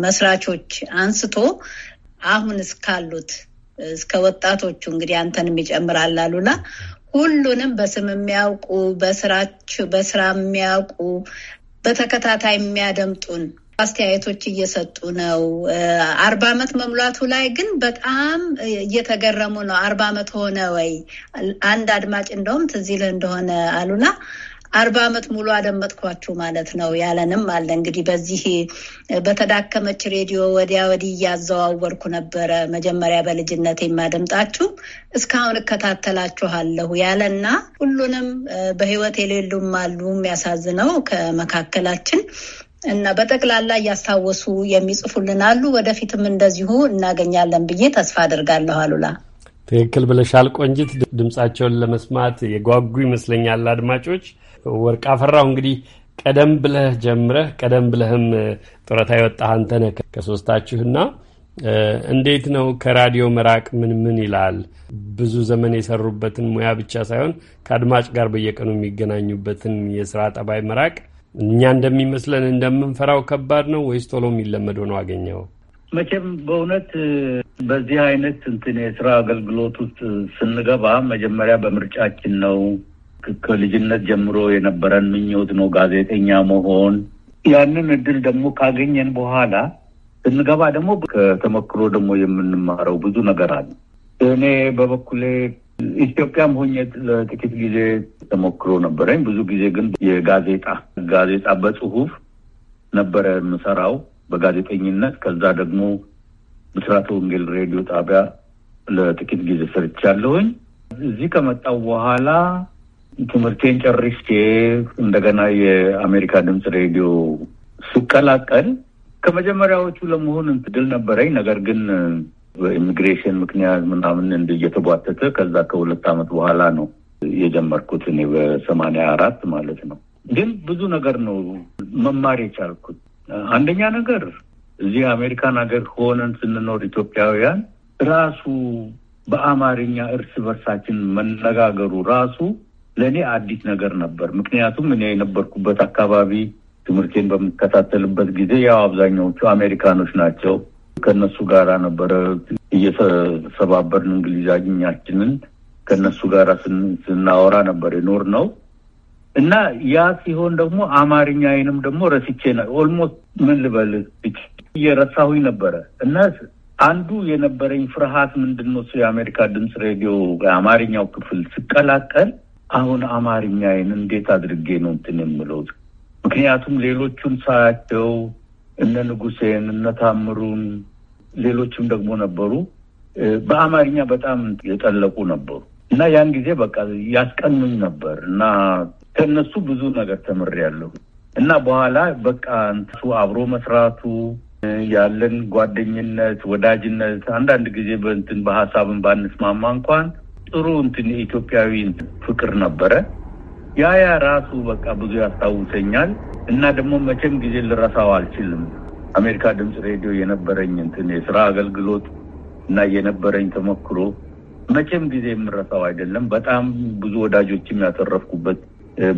መስራቾች አንስቶ አሁን እስካሉት እስከ ወጣቶቹ እንግዲህ አንተንም ይጨምራል አሉላ ሁሉንም በስም የሚያውቁ በስራቸው በስራ የሚያውቁ በተከታታይ የሚያደምጡን አስተያየቶች እየሰጡ ነው። አርባ ዓመት መሙላቱ ላይ ግን በጣም እየተገረሙ ነው። አርባ ዓመት ሆነ ወይ? አንድ አድማጭ እንደውም ትዝ ይልህ እንደሆነ አሉና አርባ ዓመት ሙሉ አደመጥኳችሁ ማለት ነው ያለንም አለ። እንግዲህ በዚህ በተዳከመች ሬዲዮ ወዲያ ወዲህ እያዘዋወርኩ ነበረ መጀመሪያ በልጅነት የማደምጣችሁ እስካሁን እከታተላችኋለሁ ያለና ሁሉንም በህይወት የሌሉም አሉ የሚያሳዝነው ከመካከላችን እና በጠቅላላ እያስታወሱ የሚጽፉልን አሉ። ወደፊትም እንደዚሁ እናገኛለን ብዬ ተስፋ አድርጋለሁ። አሉላ ትክክል ብለሻል ቆንጅት። ድምጻቸውን ለመስማት የጓጉ ይመስለኛል አድማጮች። ወርቅ አፈራው እንግዲህ ቀደም ብለህ ጀምረህ ቀደም ብለህም ጡረታ የወጣህ አንተ ነህ ከሶስታችሁና እንዴት ነው ከራዲዮ መራቅ ምን ምን ይላል? ብዙ ዘመን የሰሩበትን ሙያ ብቻ ሳይሆን ከአድማጭ ጋር በየቀኑ የሚገናኙበትን የስራ ጠባይ መራቅ እኛ እንደሚመስለን እንደምንፈራው ከባድ ነው ወይስ ቶሎ የሚለመድ ሆኖ አገኘው? መቼም በእውነት በዚህ አይነት እንትን የስራ አገልግሎት ውስጥ ስንገባ መጀመሪያ በምርጫችን ነው ከልጅነት ጀምሮ የነበረን ምኞት ነው ጋዜጠኛ መሆን። ያንን እድል ደግሞ ካገኘን በኋላ ስንገባ ደግሞ ከተሞክሮ ደግሞ የምንማረው ብዙ ነገር አለ። እኔ በበኩሌ ኢትዮጵያም ሆኜ ለጥቂት ጊዜ ተሞክሮ ነበረኝ። ብዙ ጊዜ ግን የጋዜጣ ጋዜጣ በጽሁፍ ነበረ የምሰራው በጋዜጠኝነት። ከዛ ደግሞ ብስራተ ወንጌል ሬዲዮ ጣቢያ ለጥቂት ጊዜ ሰርቻለሁኝ። እዚህ ከመጣው በኋላ ትምህርቴን ጨርሼ እንደገና የአሜሪካ ድምፅ ሬዲዮ ስቀላቀል ከመጀመሪያዎቹ ለመሆን እድል ነበረኝ። ነገር ግን በኢሚግሬሽን ምክንያት ምናምን እንድ እየተጓተተ ከዛ ከሁለት ዓመት በኋላ ነው የጀመርኩት እኔ በሰማንያ አራት ማለት ነው። ግን ብዙ ነገር ነው መማር የቻልኩት። አንደኛ ነገር እዚህ አሜሪካን ሀገር ሆነን ስንኖር ኢትዮጵያውያን ራሱ በአማርኛ እርስ በርሳችን መነጋገሩ ራሱ ለእኔ አዲስ ነገር ነበር። ምክንያቱም እኔ የነበርኩበት አካባቢ ትምህርቴን በምከታተልበት ጊዜ ያው አብዛኛዎቹ አሜሪካኖች ናቸው። ከነሱ ጋራ ነበረ እየተሰባበርን እንግሊዛኛችንን ከነሱ ጋራ ስናወራ ነበር የኖር ነው እና ያ ሲሆን ደግሞ አማርኛዬንም ደግሞ ረስቼ ኦልሞስት ምን ልበል እየረሳሁኝ ነበረ እና አንዱ የነበረኝ ፍርሃት ምንድን ነው የአሜሪካ ድምፅ ሬዲዮ የአማርኛው ክፍል ስቀላቀል አሁን አማርኛዬን እንዴት አድርጌ ነው እንትን የምለው? ምክንያቱም ሌሎቹን ሳያቸው እነ ንጉሴን እነ ታምሩን ሌሎችም ደግሞ ነበሩ በአማርኛ በጣም የጠለቁ ነበሩ እና ያን ጊዜ በቃ ያስቀኑኝ ነበር እና ከነሱ ብዙ ነገር ተምሬያለሁ እና በኋላ በቃ እንሱ አብሮ መስራቱ ያለን ጓደኝነት፣ ወዳጅነት አንዳንድ ጊዜ በእንትን በሀሳብን ባንስማማ እንኳን ጥሩ እንትን የኢትዮጵያዊ ፍቅር ነበረ። ያ ያ ራሱ በቃ ብዙ ያስታውሰኛል እና ደግሞ መቼም ጊዜ ልረሳው አልችልም። አሜሪካ ድምፅ ሬዲዮ የነበረኝ እንትን የስራ አገልግሎት እና የነበረኝ ተሞክሮ መቼም ጊዜ የምረሳው አይደለም። በጣም ብዙ ወዳጆችም ያተረፍኩበት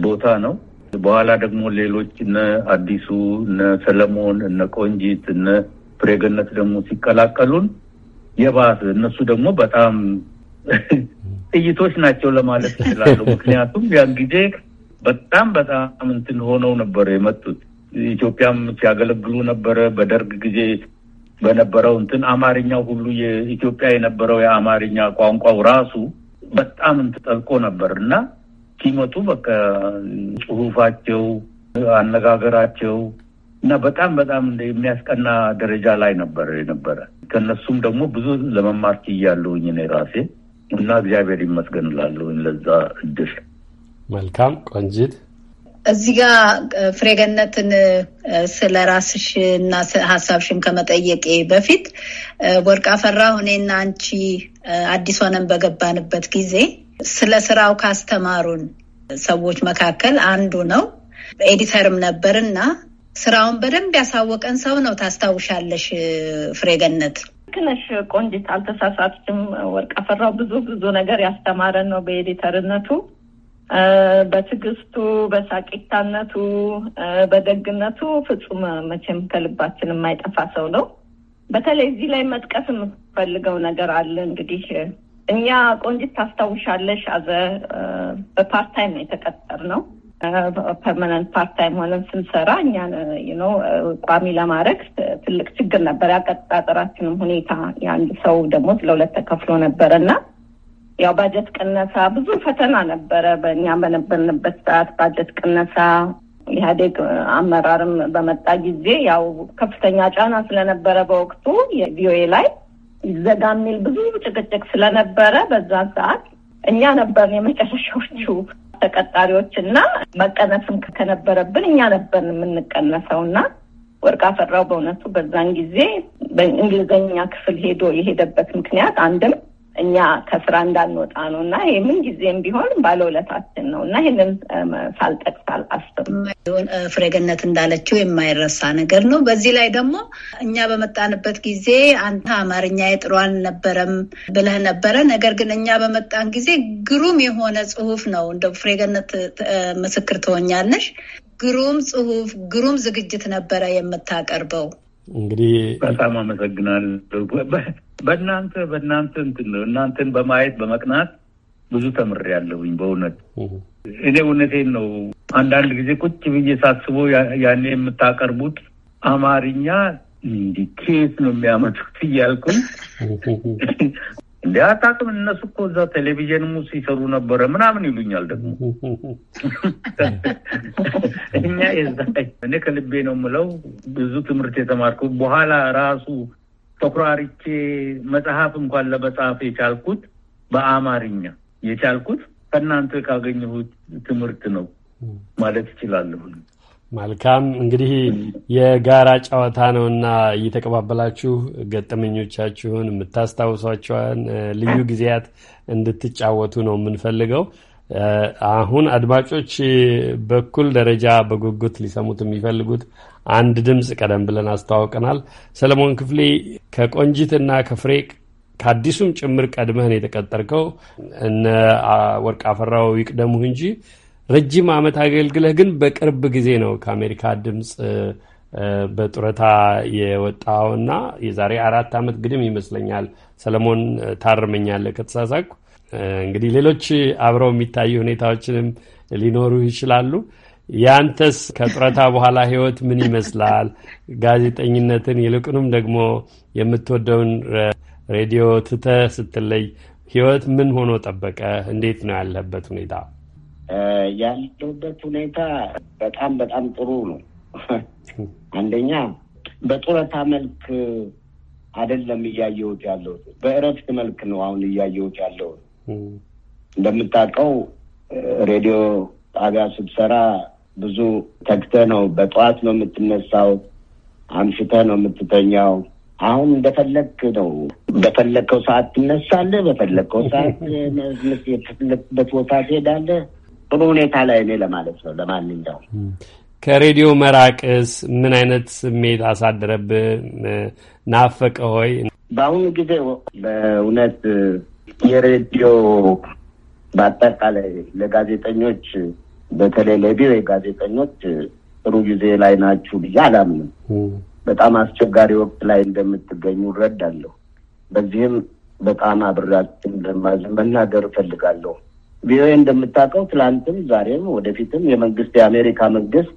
ቦታ ነው። በኋላ ደግሞ ሌሎች እነ አዲሱ፣ እነ ሰለሞን፣ እነ ቆንጂት፣ እነ ፍሬገነት ደግሞ ሲቀላቀሉን የባስ እነሱ ደግሞ በጣም ጥይቶች ናቸው ለማለት ይችላሉ። ምክንያቱም ያን ጊዜ በጣም በጣም እንትን ሆነው ነበር የመጡት። ኢትዮጵያም ሲያገለግሉ ነበረ። በደርግ ጊዜ በነበረው እንትን አማርኛው ሁሉ የኢትዮጵያ የነበረው የአማርኛ ቋንቋው ራሱ በጣም እንትን ጠልቆ ነበር እና ሲመጡ በቃ ጽሁፋቸው፣ አነጋገራቸው እና በጣም በጣም የሚያስቀና ደረጃ ላይ ነበር የነበረ ከነሱም ደግሞ ብዙ ለመማር ችያለሁኝ እኔ ራሴ እና እግዚአብሔር ይመስገን ለዛ እድል። መልካም ቆንጂት፣ እዚህ ጋር ፍሬገነትን ስለ ራስሽ እና ሀሳብሽን ከመጠየቄ በፊት ወርቅ አፈራሁ እኔና አንቺ አዲስ ሆነን በገባንበት ጊዜ ስለ ስራው ካስተማሩን ሰዎች መካከል አንዱ ነው። ኤዲተርም ነበር እና ስራውን በደንብ ያሳወቀን ሰው ነው። ታስታውሻለሽ ፍሬገነት? ልክ ቆንጂት፣ አልተሳሳትሽም። ወርቅ አፈራው ብዙ ብዙ ነገር ያስተማረን ነው በኤዲተርነቱ፣ በትዕግስቱ፣ በሳቂታነቱ፣ በደግነቱ ፍጹም መቼም ከልባችን የማይጠፋ ሰው ነው። በተለይ እዚህ ላይ መጥቀስ የምፈልገው ነገር አለ። እንግዲህ እኛ ቆንጂት ታስታውሻለሽ፣ አዘ በፓርታይም ነው የተቀጠር ነው ፐርማነንት ፓርት ታይም ሆነን ስንሰራ እኛን ነው uh, ቋሚ ለማድረግ ትልቅ ችግር ነበር። ያቀጣጠራችንም ሁኔታ የአንድ ሰው ደሞዝ ለሁለት ተከፍሎ ነበረ እና ያው ባጀት ቅነሳ ብዙ ፈተና ነበረ። በእኛ በነበርንበት ሰዓት ባጀት ቅነሳ ኢህአዴግ አመራርም በመጣ ጊዜ ያው ከፍተኛ ጫና ስለነበረ በወቅቱ የቪኦኤ ላይ ይዘጋ የሚል ብዙ ጭቅጭቅ ስለነበረ በዛን ሰዓት እኛ ነበር የመጨረሻዎቹ ተቀጣሪዎች እና መቀነስም ከነበረብን እኛ ነበርን የምንቀነሰው እና ወርቅ አፈራው በእውነቱ በዛን ጊዜ በእንግሊዝኛ ክፍል ሄዶ የሄደበት ምክንያት አንድም እኛ ከስራ እንዳንወጣ ነው እና ይህ ምን ጊዜም ቢሆን ባለውለታችን ነው እና ይህንን ሳልጠቅስ አላልፍም። ፍሬገነት እንዳለችው የማይረሳ ነገር ነው። በዚህ ላይ ደግሞ እኛ በመጣንበት ጊዜ አንተ አማርኛ ጥሩ አልነበረም ብለህ ነበረ። ነገር ግን እኛ በመጣን ጊዜ ግሩም የሆነ ጽሁፍ ነው። እንደ ፍሬገነት ምስክር ትሆኛለሽ። ግሩም ጽሁፍ፣ ግሩም ዝግጅት ነበረ የምታቀርበው እንግዲህ በጣም አመሰግናለሁ። በእናንተ በእናንተ እንትን ነው እናንተን በማየት በመቅናት ብዙ ተምሬያለሁኝ። በእውነት እኔ እውነቴን ነው። አንዳንድ ጊዜ ቁጭ ብዬ ሳስበው ያኔ የምታቀርቡት አማርኛ እንዲህ ኬት ነው የሚያመጡት እያልኩኝ እንደ አታውቅም እነሱ እኮ እዛ ቴሌቪዥንም ውስጥ ይሰሩ ነበረ ምናምን ይሉኛል። ደግሞ እኛ የዛ እኔ ከልቤ ነው የምለው። ብዙ ትምህርት የተማርኩ በኋላ ራሱ ተኩራሪቼ መጽሐፍ እንኳን ለመጽሐፍ የቻልኩት በአማርኛ የቻልኩት ከእናንተ ካገኘሁት ትምህርት ነው ማለት ይችላለሁ። መልካም እንግዲህ የጋራ ጨዋታ ነውና እየተቀባበላችሁ ገጠመኞቻችሁን የምታስታውሷቸውን ልዩ ጊዜያት እንድትጫወቱ ነው የምንፈልገው። አሁን አድማጮች በኩል ደረጃ በጉጉት ሊሰሙት የሚፈልጉት አንድ ድምፅ ቀደም ብለን አስተዋውቀናል። ሰለሞን ክፍሌ ከቆንጂትና ከፍሬ ከአዲሱም ጭምር ቀድመህን የተቀጠርከው እነ ወርቅ አፈራው ይቅደሙህ እንጂ ረጅም ዓመት አገልግለህ ግን በቅርብ ጊዜ ነው ከአሜሪካ ድምፅ በጡረታ የወጣውና የዛሬ አራት ዓመት ግድም ይመስለኛል። ሰለሞን ታርመኛለህ ከተሳሳኩ። እንግዲህ ሌሎች አብረው የሚታዩ ሁኔታዎችንም ሊኖሩ ይችላሉ። ያንተስ ከጡረታ በኋላ ህይወት ምን ይመስላል? ጋዜጠኝነትን ይልቁንም ደግሞ የምትወደውን ሬዲዮ ትተህ ስትለይ ህይወት ምን ሆኖ ጠበቀ? እንዴት ነው ያለበት ሁኔታ? ያለሁበት ሁኔታ በጣም በጣም ጥሩ ነው። አንደኛ በጡረታ መልክ አይደለም እያየሁት ያለሁት፣ በእረፍት መልክ ነው አሁን እያየሁት ያለሁት። እንደምታውቀው ሬዲዮ ጣቢያ ስትሰራ ብዙ ተግተ ነው። በጠዋት ነው የምትነሳው፣ አምሽተ ነው የምትተኛው። አሁን እንደፈለግ ነው። በፈለግከው ሰዓት ትነሳለህ፣ በፈለግከው ሰዓት የፈለግበት ቦታ ትሄዳለህ። ጥሩ ሁኔታ ላይ እኔ ለማለት ነው። ለማንኛውም ከሬዲዮ መራቅስ ምን አይነት ስሜት አሳደረብህ? ናፈቀ ሆይ? በአሁኑ ጊዜ በእውነት የሬዲዮ በአጠቃላይ ለጋዜጠኞች በተለይ ለቪኦኤ ጋዜጠኞች ጥሩ ጊዜ ላይ ናችሁ ብዬ አላምንም። በጣም አስቸጋሪ ወቅት ላይ እንደምትገኙ እረዳለሁ። በዚህም በጣም አብራ እንደማዝን መናገር እፈልጋለሁ። ቪኦኤ እንደምታውቀው ትላንትም፣ ዛሬም ወደፊትም የመንግስት የአሜሪካ መንግስት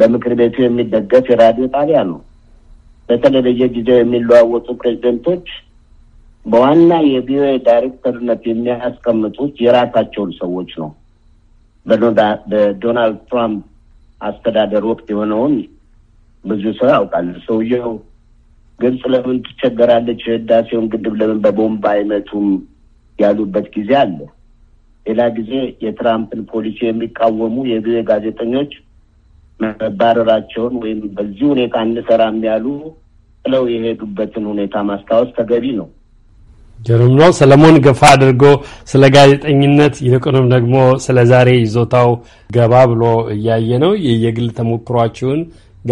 በምክር ቤቱ የሚደገፍ የራዲዮ ጣቢያ ነው። በተለለየ ጊዜው የሚለዋወጡ ፕሬዚደንቶች በዋና የቪኦኤ ዳይሬክተርነት የሚያስቀምጡት የራሳቸውን ሰዎች ነው። በዶናልድ ትራምፕ አስተዳደር ወቅት የሆነውን ብዙ ሰው ያውቃል። ሰውየው ግብጽ ለምን ትቸገራለች፣ የህዳሴውን ግድብ ለምን በቦምብ አይመቱም ያሉበት ጊዜ አለ። ሌላ ጊዜ የትራምፕን ፖሊሲ የሚቃወሙ የቪኦኤ ጋዜጠኞች መባረራቸውን ወይም በዚህ ሁኔታ እንሰራም ያሉ ጥለው የሄዱበትን ሁኔታ ማስታወስ ተገቢ ነው። ጀሩም ነው። ሰለሞን ገፋ አድርጎ ስለ ጋዜጠኝነት ይልቁንም ደግሞ ስለ ዛሬ ይዞታው ገባ ብሎ እያየ ነው የየግል ተሞክሯችሁን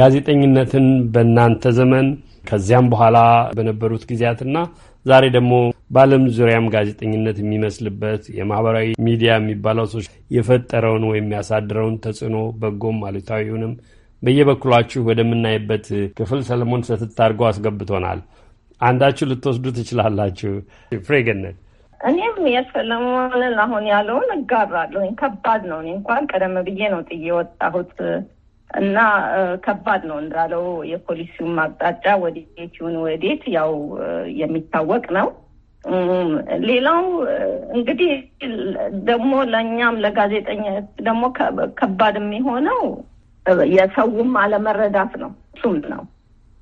ጋዜጠኝነትን በእናንተ ዘመን ከዚያም በኋላ በነበሩት ጊዜያትና ዛሬ ደግሞ በዓለም ዙሪያም ጋዜጠኝነት የሚመስልበት የማህበራዊ ሚዲያ የሚባለው ሰዎች የፈጠረውን ወይም ያሳድረውን ተጽዕኖ በጎም አሉታዊውንም በየበኩላችሁ ወደምናይበት ክፍል ሰለሞን ስትታርጎ አስገብቶናል። አንዳችሁ ልትወስዱ ትችላላችሁ። ፍሬገነት እኔም የሰለሞንን አሁን ያለውን እጋራለሁ። ከባድ ነው። እኔ እንኳን ቀደም ብዬ ነው ጥዬ ወጣሁት እና ከባድ ነው እንዳለው የፖሊሲውን አቅጣጫ ወዴት ይሁን ወዴት ያው የሚታወቅ ነው ሌላው እንግዲህ ደግሞ ለእኛም ለጋዜጠኛ ደግሞ ከባድ የሚሆነው የሰውም አለመረዳት ነው። እሱም ነው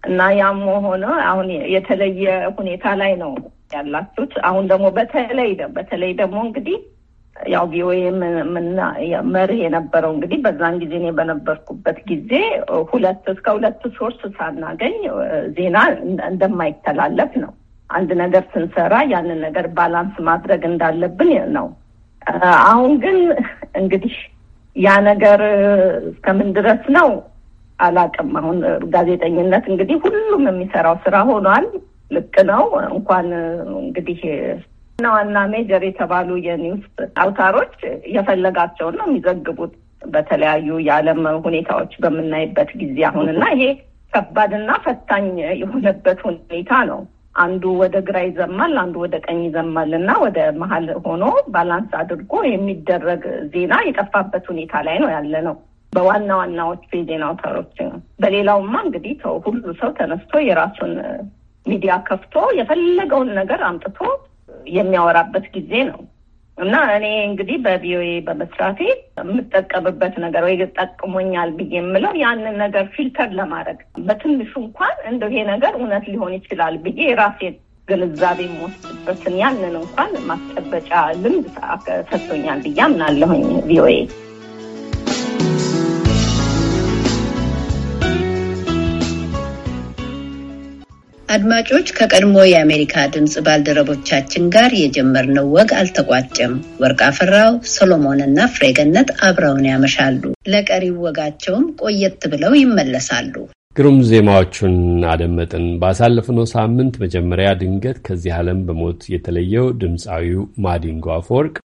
እና ያም ሆነ አሁን የተለየ ሁኔታ ላይ ነው ያላችሁት። አሁን ደግሞ በተለይ በተለይ ደግሞ እንግዲህ ያው ቪኦኤ መርህ የነበረው እንግዲህ በዛን ጊዜ እኔ በነበርኩበት ጊዜ ሁለት እስከ ሁለት ሶርስ ሳናገኝ ዜና እንደማይተላለፍ ነው አንድ ነገር ስንሰራ ያንን ነገር ባላንስ ማድረግ እንዳለብን ነው። አሁን ግን እንግዲህ ያ ነገር እስከምን ድረስ ነው አላቅም። አሁን ጋዜጠኝነት እንግዲህ ሁሉም የሚሰራው ስራ ሆኗል። ልቅ ነው። እንኳን እንግዲህ ዋና ዋና ሜጀር የተባሉ የኒውስ አውታሮች የፈለጋቸውን ነው የሚዘግቡት በተለያዩ የዓለም ሁኔታዎች በምናይበት ጊዜ አሁን እና ይሄ ከባድና ፈታኝ የሆነበት ሁኔታ ነው። አንዱ ወደ ግራ ይዘማል፣ አንዱ ወደ ቀኝ ይዘማል እና ወደ መሀል ሆኖ ባላንስ አድርጎ የሚደረግ ዜና የጠፋበት ሁኔታ ላይ ነው ያለ ነው በዋና ዋናዎቹ የዜና አውታሮች በሌላውማ እንግዲህ ሰው ሁሉ ሰው ተነስቶ የራሱን ሚዲያ ከፍቶ የፈለገውን ነገር አምጥቶ የሚያወራበት ጊዜ ነው። እና እኔ እንግዲህ በቪኦኤ በመስራቴ የምጠቀምበት ነገር ወይ ጠቅሞኛል ብዬ የምለው ያንን ነገር ፊልተር ለማድረግ በትንሹ እንኳን እንደ ይሄ ነገር እውነት ሊሆን ይችላል ብዬ የራሴ ግንዛቤ የምወስድበትን ያንን እንኳን ማስጨበጫ ልምድ ሰጥቶኛል ብዬ አምናለሁኝ ቪኦኤ አድማጮች ከቀድሞ የአሜሪካ ድምፅ ባልደረቦቻችን ጋር የጀመርነው ወግ አልተቋጨም። ወርቅ አፈራው፣ ሰሎሞንና ፍሬገነት አብረውን ያመሻሉ። ለቀሪው ወጋቸውም ቆየት ብለው ይመለሳሉ። ግሩም ዜማዎቹን አደመጥን። ባሳለፍነው ሳምንት መጀመሪያ ድንገት ከዚህ ዓለም በሞት የተለየው ድምፃዊው ማዲንጎ አፈወርቅ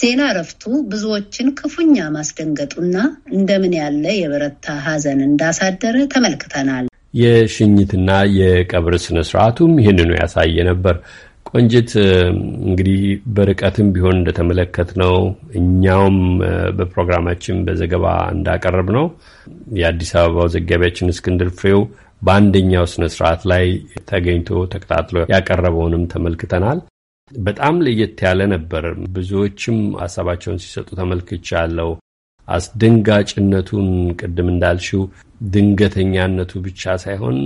ዜና እረፍቱ ብዙዎችን ክፉኛ ማስደንገጡና እንደምን ያለ የበረታ ሐዘን እንዳሳደረ ተመልክተናል። የሽኝትና የቀብር ስነ ስርዓቱም ይህንኑ ያሳየ ነበር። ቆንጅት እንግዲህ በርቀትም ቢሆን እንደተመለከት ነው እኛውም በፕሮግራማችን በዘገባ እንዳቀረብ ነው የአዲስ አበባው ዘጋቢያችን እስክንድር ፍሬው በአንደኛው ስነ ስርዓት ላይ ተገኝቶ ተከታትሎ ያቀረበውንም ተመልክተናል። በጣም ለየት ያለ ነበር። ብዙዎችም ሀሳባቸውን ሲሰጡ ተመልክቻለሁ። አስደንጋጭነቱን ቅድም እንዳልሽው ድንገተኛነቱ ብቻ ሳይሆን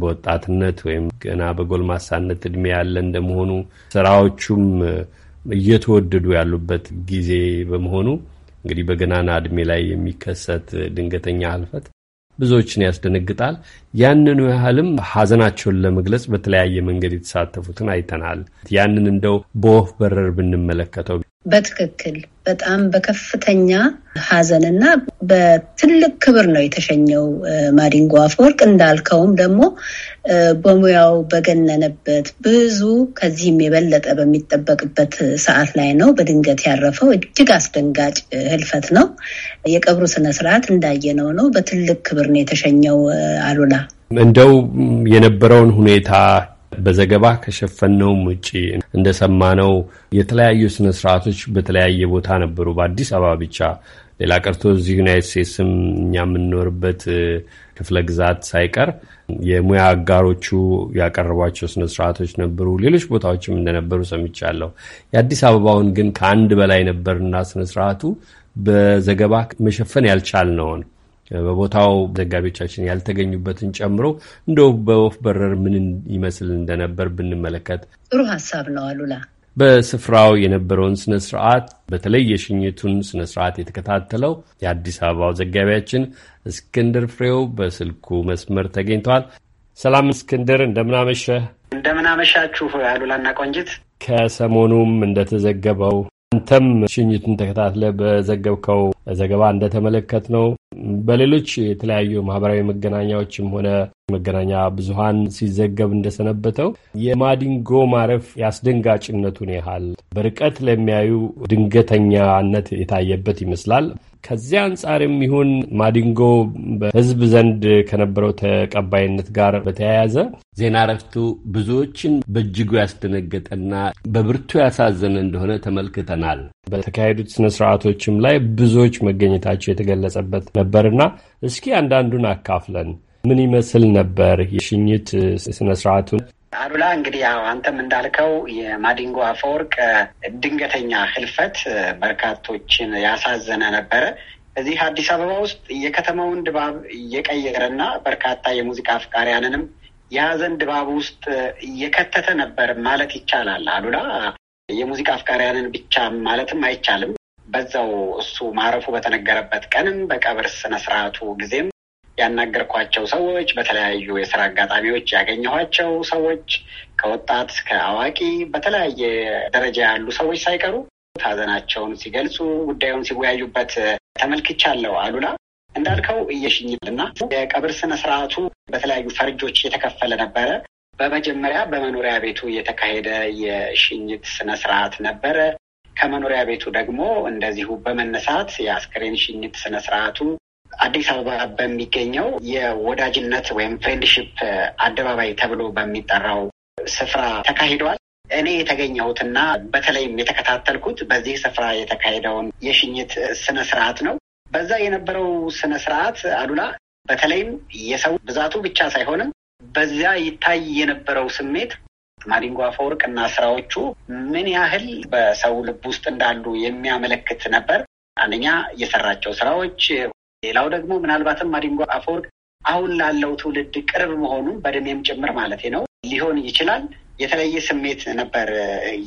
በወጣትነት ወይም ገና በጎልማሳነት እድሜ ያለ እንደመሆኑ ስራዎቹም እየተወደዱ ያሉበት ጊዜ በመሆኑ እንግዲህ በገናና እድሜ ላይ የሚከሰት ድንገተኛ ህልፈት ብዙዎችን ያስደነግጣል። ያንኑ ያህልም ሀዘናቸውን ለመግለጽ በተለያየ መንገድ የተሳተፉትን አይተናል። ያንን እንደው በወፍ በረር ብንመለከተው በትክክል በጣም በከፍተኛ ሐዘንና በትልቅ ክብር ነው የተሸኘው ማዲንጎ አፈወርቅ። እንዳልከውም ደግሞ በሙያው በገነነበት ብዙ ከዚህም የበለጠ በሚጠበቅበት ሰዓት ላይ ነው በድንገት ያረፈው። እጅግ አስደንጋጭ ህልፈት ነው። የቀብሩ ስነስርዓት እንዳየነው ነው። በትልቅ ክብር ነው የተሸኘው። አሉላ እንደው የነበረውን ሁኔታ በዘገባ ከሸፈነውም ውጭ እንደሰማነው የተለያዩ ስነስርዓቶች በተለያየ ቦታ ነበሩ፣ በአዲስ አበባ ብቻ ሌላ ቀርቶ እዚህ ዩናይት ስቴትስም እኛ የምንኖርበት ክፍለ ግዛት ሳይቀር የሙያ አጋሮቹ ያቀረቧቸው ስነስርዓቶች ነበሩ። ሌሎች ቦታዎችም እንደነበሩ ሰምቻለሁ። የአዲስ አበባውን ግን ከአንድ በላይ ነበርና ስነስርዓቱ በዘገባ መሸፈን ያልቻልነውን በቦታው ዘጋቢዎቻችን ያልተገኙበትን ጨምሮ እንደው በወፍ በረር ምን ይመስል እንደነበር ብንመለከት ጥሩ ሀሳብ ነው አሉላ። በስፍራው የነበረውን ስነ ስርዓት በተለይ የሽኝቱን ስነ ስርዓት የተከታተለው የአዲስ አበባው ዘጋቢያችን እስክንድር ፍሬው በስልኩ መስመር ተገኝቷል። ሰላም እስክንድር፣ እንደምናመሸ እንደምናመሻችሁ አሉላና ቆንጅት ከሰሞኑም እንደተዘገበው አንተም ሽኝቱን ተከታትለ በዘገብከው ዘገባ እንደተመለከት ነው በሌሎች የተለያዩ ማህበራዊ መገናኛዎችም ሆነ መገናኛ ብዙሀን ሲዘገብ እንደሰነበተው የማዲንጎ ማረፍ የአስደንጋጭነቱን ያህል በርቀት ለሚያዩ ድንገተኛነት የታየበት ይመስላል። ከዚያ አንጻርም ይሁን ማዲንጎ በህዝብ ዘንድ ከነበረው ተቀባይነት ጋር በተያያዘ ዜና እረፍቱ ብዙዎችን በእጅጉ ያስደነገጠና በብርቱ ያሳዘነ እንደሆነ ተመልክተናል። በተካሄዱት ስነ ስርዓቶችም ላይ ብዙዎች መገኘታቸው የተገለጸበት ነበርና እስኪ አንዳንዱን አካፍለን ምን ይመስል ነበር የሽኝት ስርዓቱን? አሉላ እንግዲህ ያው አንተም እንዳልከው የማዲንጎ አፈወርቅ ድንገተኛ ህልፈት በርካቶችን ያሳዘነ ነበረ። እዚህ አዲስ አበባ ውስጥ የከተማውን ድባብ እየቀየረና በርካታ የሙዚቃ አፍቃሪያንንም የሀዘን ድባብ ውስጥ እየከተተ ነበር ማለት ይቻላል። አሉላ የሙዚቃ አፍቃሪያንን ብቻ ማለትም አይቻልም። በዛው እሱ ማረፉ በተነገረበት ቀንም በቀብር ስነ ስርዓቱ ጊዜም ያናገርኳቸው ሰዎች በተለያዩ የስራ አጋጣሚዎች ያገኘኋቸው ሰዎች ከወጣት እስከ አዋቂ በተለያየ ደረጃ ያሉ ሰዎች ሳይቀሩ ሀዘናቸውን ሲገልጹ ጉዳዩን ሲወያዩበት ተመልክቻለሁ። አሉላ እንዳልከው እየሽኝልና የቀብር ስነ ስርዓቱ በተለያዩ ፈርጆች የተከፈለ ነበረ። በመጀመሪያ በመኖሪያ ቤቱ የተካሄደ የሽኝት ስነ ስርዓት ነበረ። ከመኖሪያ ቤቱ ደግሞ እንደዚሁ በመነሳት የአስክሬን ሽኝት ስነስርዓቱ አዲስ አበባ በሚገኘው የወዳጅነት ወይም ፍሬንድሽፕ አደባባይ ተብሎ በሚጠራው ስፍራ ተካሂደዋል። እኔ የተገኘሁትና በተለይም የተከታተልኩት በዚህ ስፍራ የተካሄደውን የሽኝት ስነስርዓት ነው። በዛ የነበረው ስነ ስርዓት አሉላ፣ በተለይም የሰው ብዛቱ ብቻ ሳይሆንም በዚያ ይታይ የነበረው ስሜት ማዲንጎ እና ስራዎቹ ምን ያህል በሰው ልብ ውስጥ እንዳሉ የሚያመለክት ነበር። አንደኛ የሰራቸው ስራዎች፣ ሌላው ደግሞ ምናልባትም ማዲንጎ አፈወርቅ አሁን ላለው ትውልድ ቅርብ መሆኑን በእድሜም ጭምር ማለት ነው ሊሆን ይችላል። የተለየ ስሜት ነበር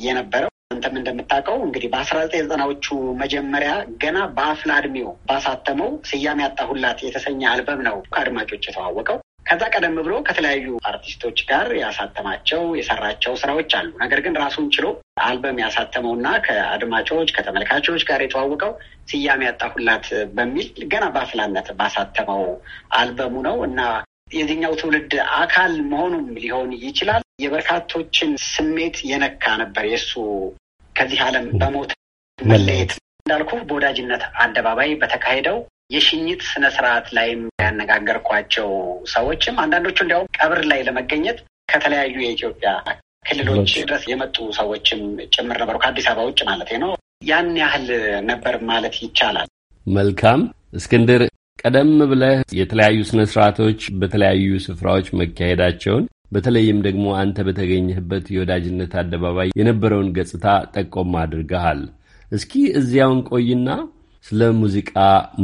የነበረው። አንተም እንደምታውቀው እንግዲህ በአስራ ዘጠኝ ዘጠናዎቹ መጀመሪያ ገና በአፍላ እድሜው ባሳተመው ስያሜ ያጣሁላት የተሰኘ አልበም ነው ከአድማጮች የተዋወቀው። ከዛ ቀደም ብሎ ከተለያዩ አርቲስቶች ጋር ያሳተማቸው የሰራቸው ስራዎች አሉ። ነገር ግን ራሱን ችሎ አልበም ያሳተመውና ከአድማጮች ከተመልካቾች ጋር የተዋወቀው ስያሜ ያጣሁላት በሚል ገና በአፍላነት ባሳተመው አልበሙ ነው እና የዚህኛው ትውልድ አካል መሆኑም ሊሆን ይችላል። የበርካቶችን ስሜት የነካ ነበር የእሱ ከዚህ ዓለም በሞት መለየት። እንዳልኩ በወዳጅነት አደባባይ በተካሄደው የሽኝት ስነ ስርዓት ላይም ያነጋገርኳቸው ሰዎችም አንዳንዶቹ እንዲያውም ቀብር ላይ ለመገኘት ከተለያዩ የኢትዮጵያ ክልሎች ድረስ የመጡ ሰዎችም ጭምር ነበሩ፣ ከአዲስ አበባ ውጭ ማለት ነው። ያን ያህል ነበር ማለት ይቻላል። መልካም እስክንድር፣ ቀደም ብለህ የተለያዩ ስነ ስርዓቶች በተለያዩ ስፍራዎች መካሄዳቸውን በተለይም ደግሞ አንተ በተገኘህበት የወዳጅነት አደባባይ የነበረውን ገጽታ ጠቆም አድርገሃል። እስኪ እዚያውን ቆይና ስለ ሙዚቃ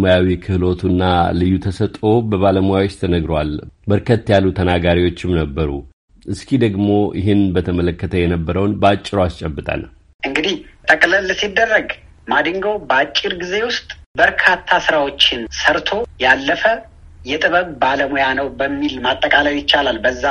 ሙያዊ ክህሎቱና ልዩ ተሰጥኦ በባለሙያዎች ተነግሯል። በርከት ያሉ ተናጋሪዎችም ነበሩ። እስኪ ደግሞ ይህን በተመለከተ የነበረውን በአጭሩ አስጨብጠን። እንግዲህ ጠቅለል ሲደረግ ማዲንጎ በአጭር ጊዜ ውስጥ በርካታ ስራዎችን ሰርቶ ያለፈ የጥበብ ባለሙያ ነው በሚል ማጠቃለል ይቻላል። በዛ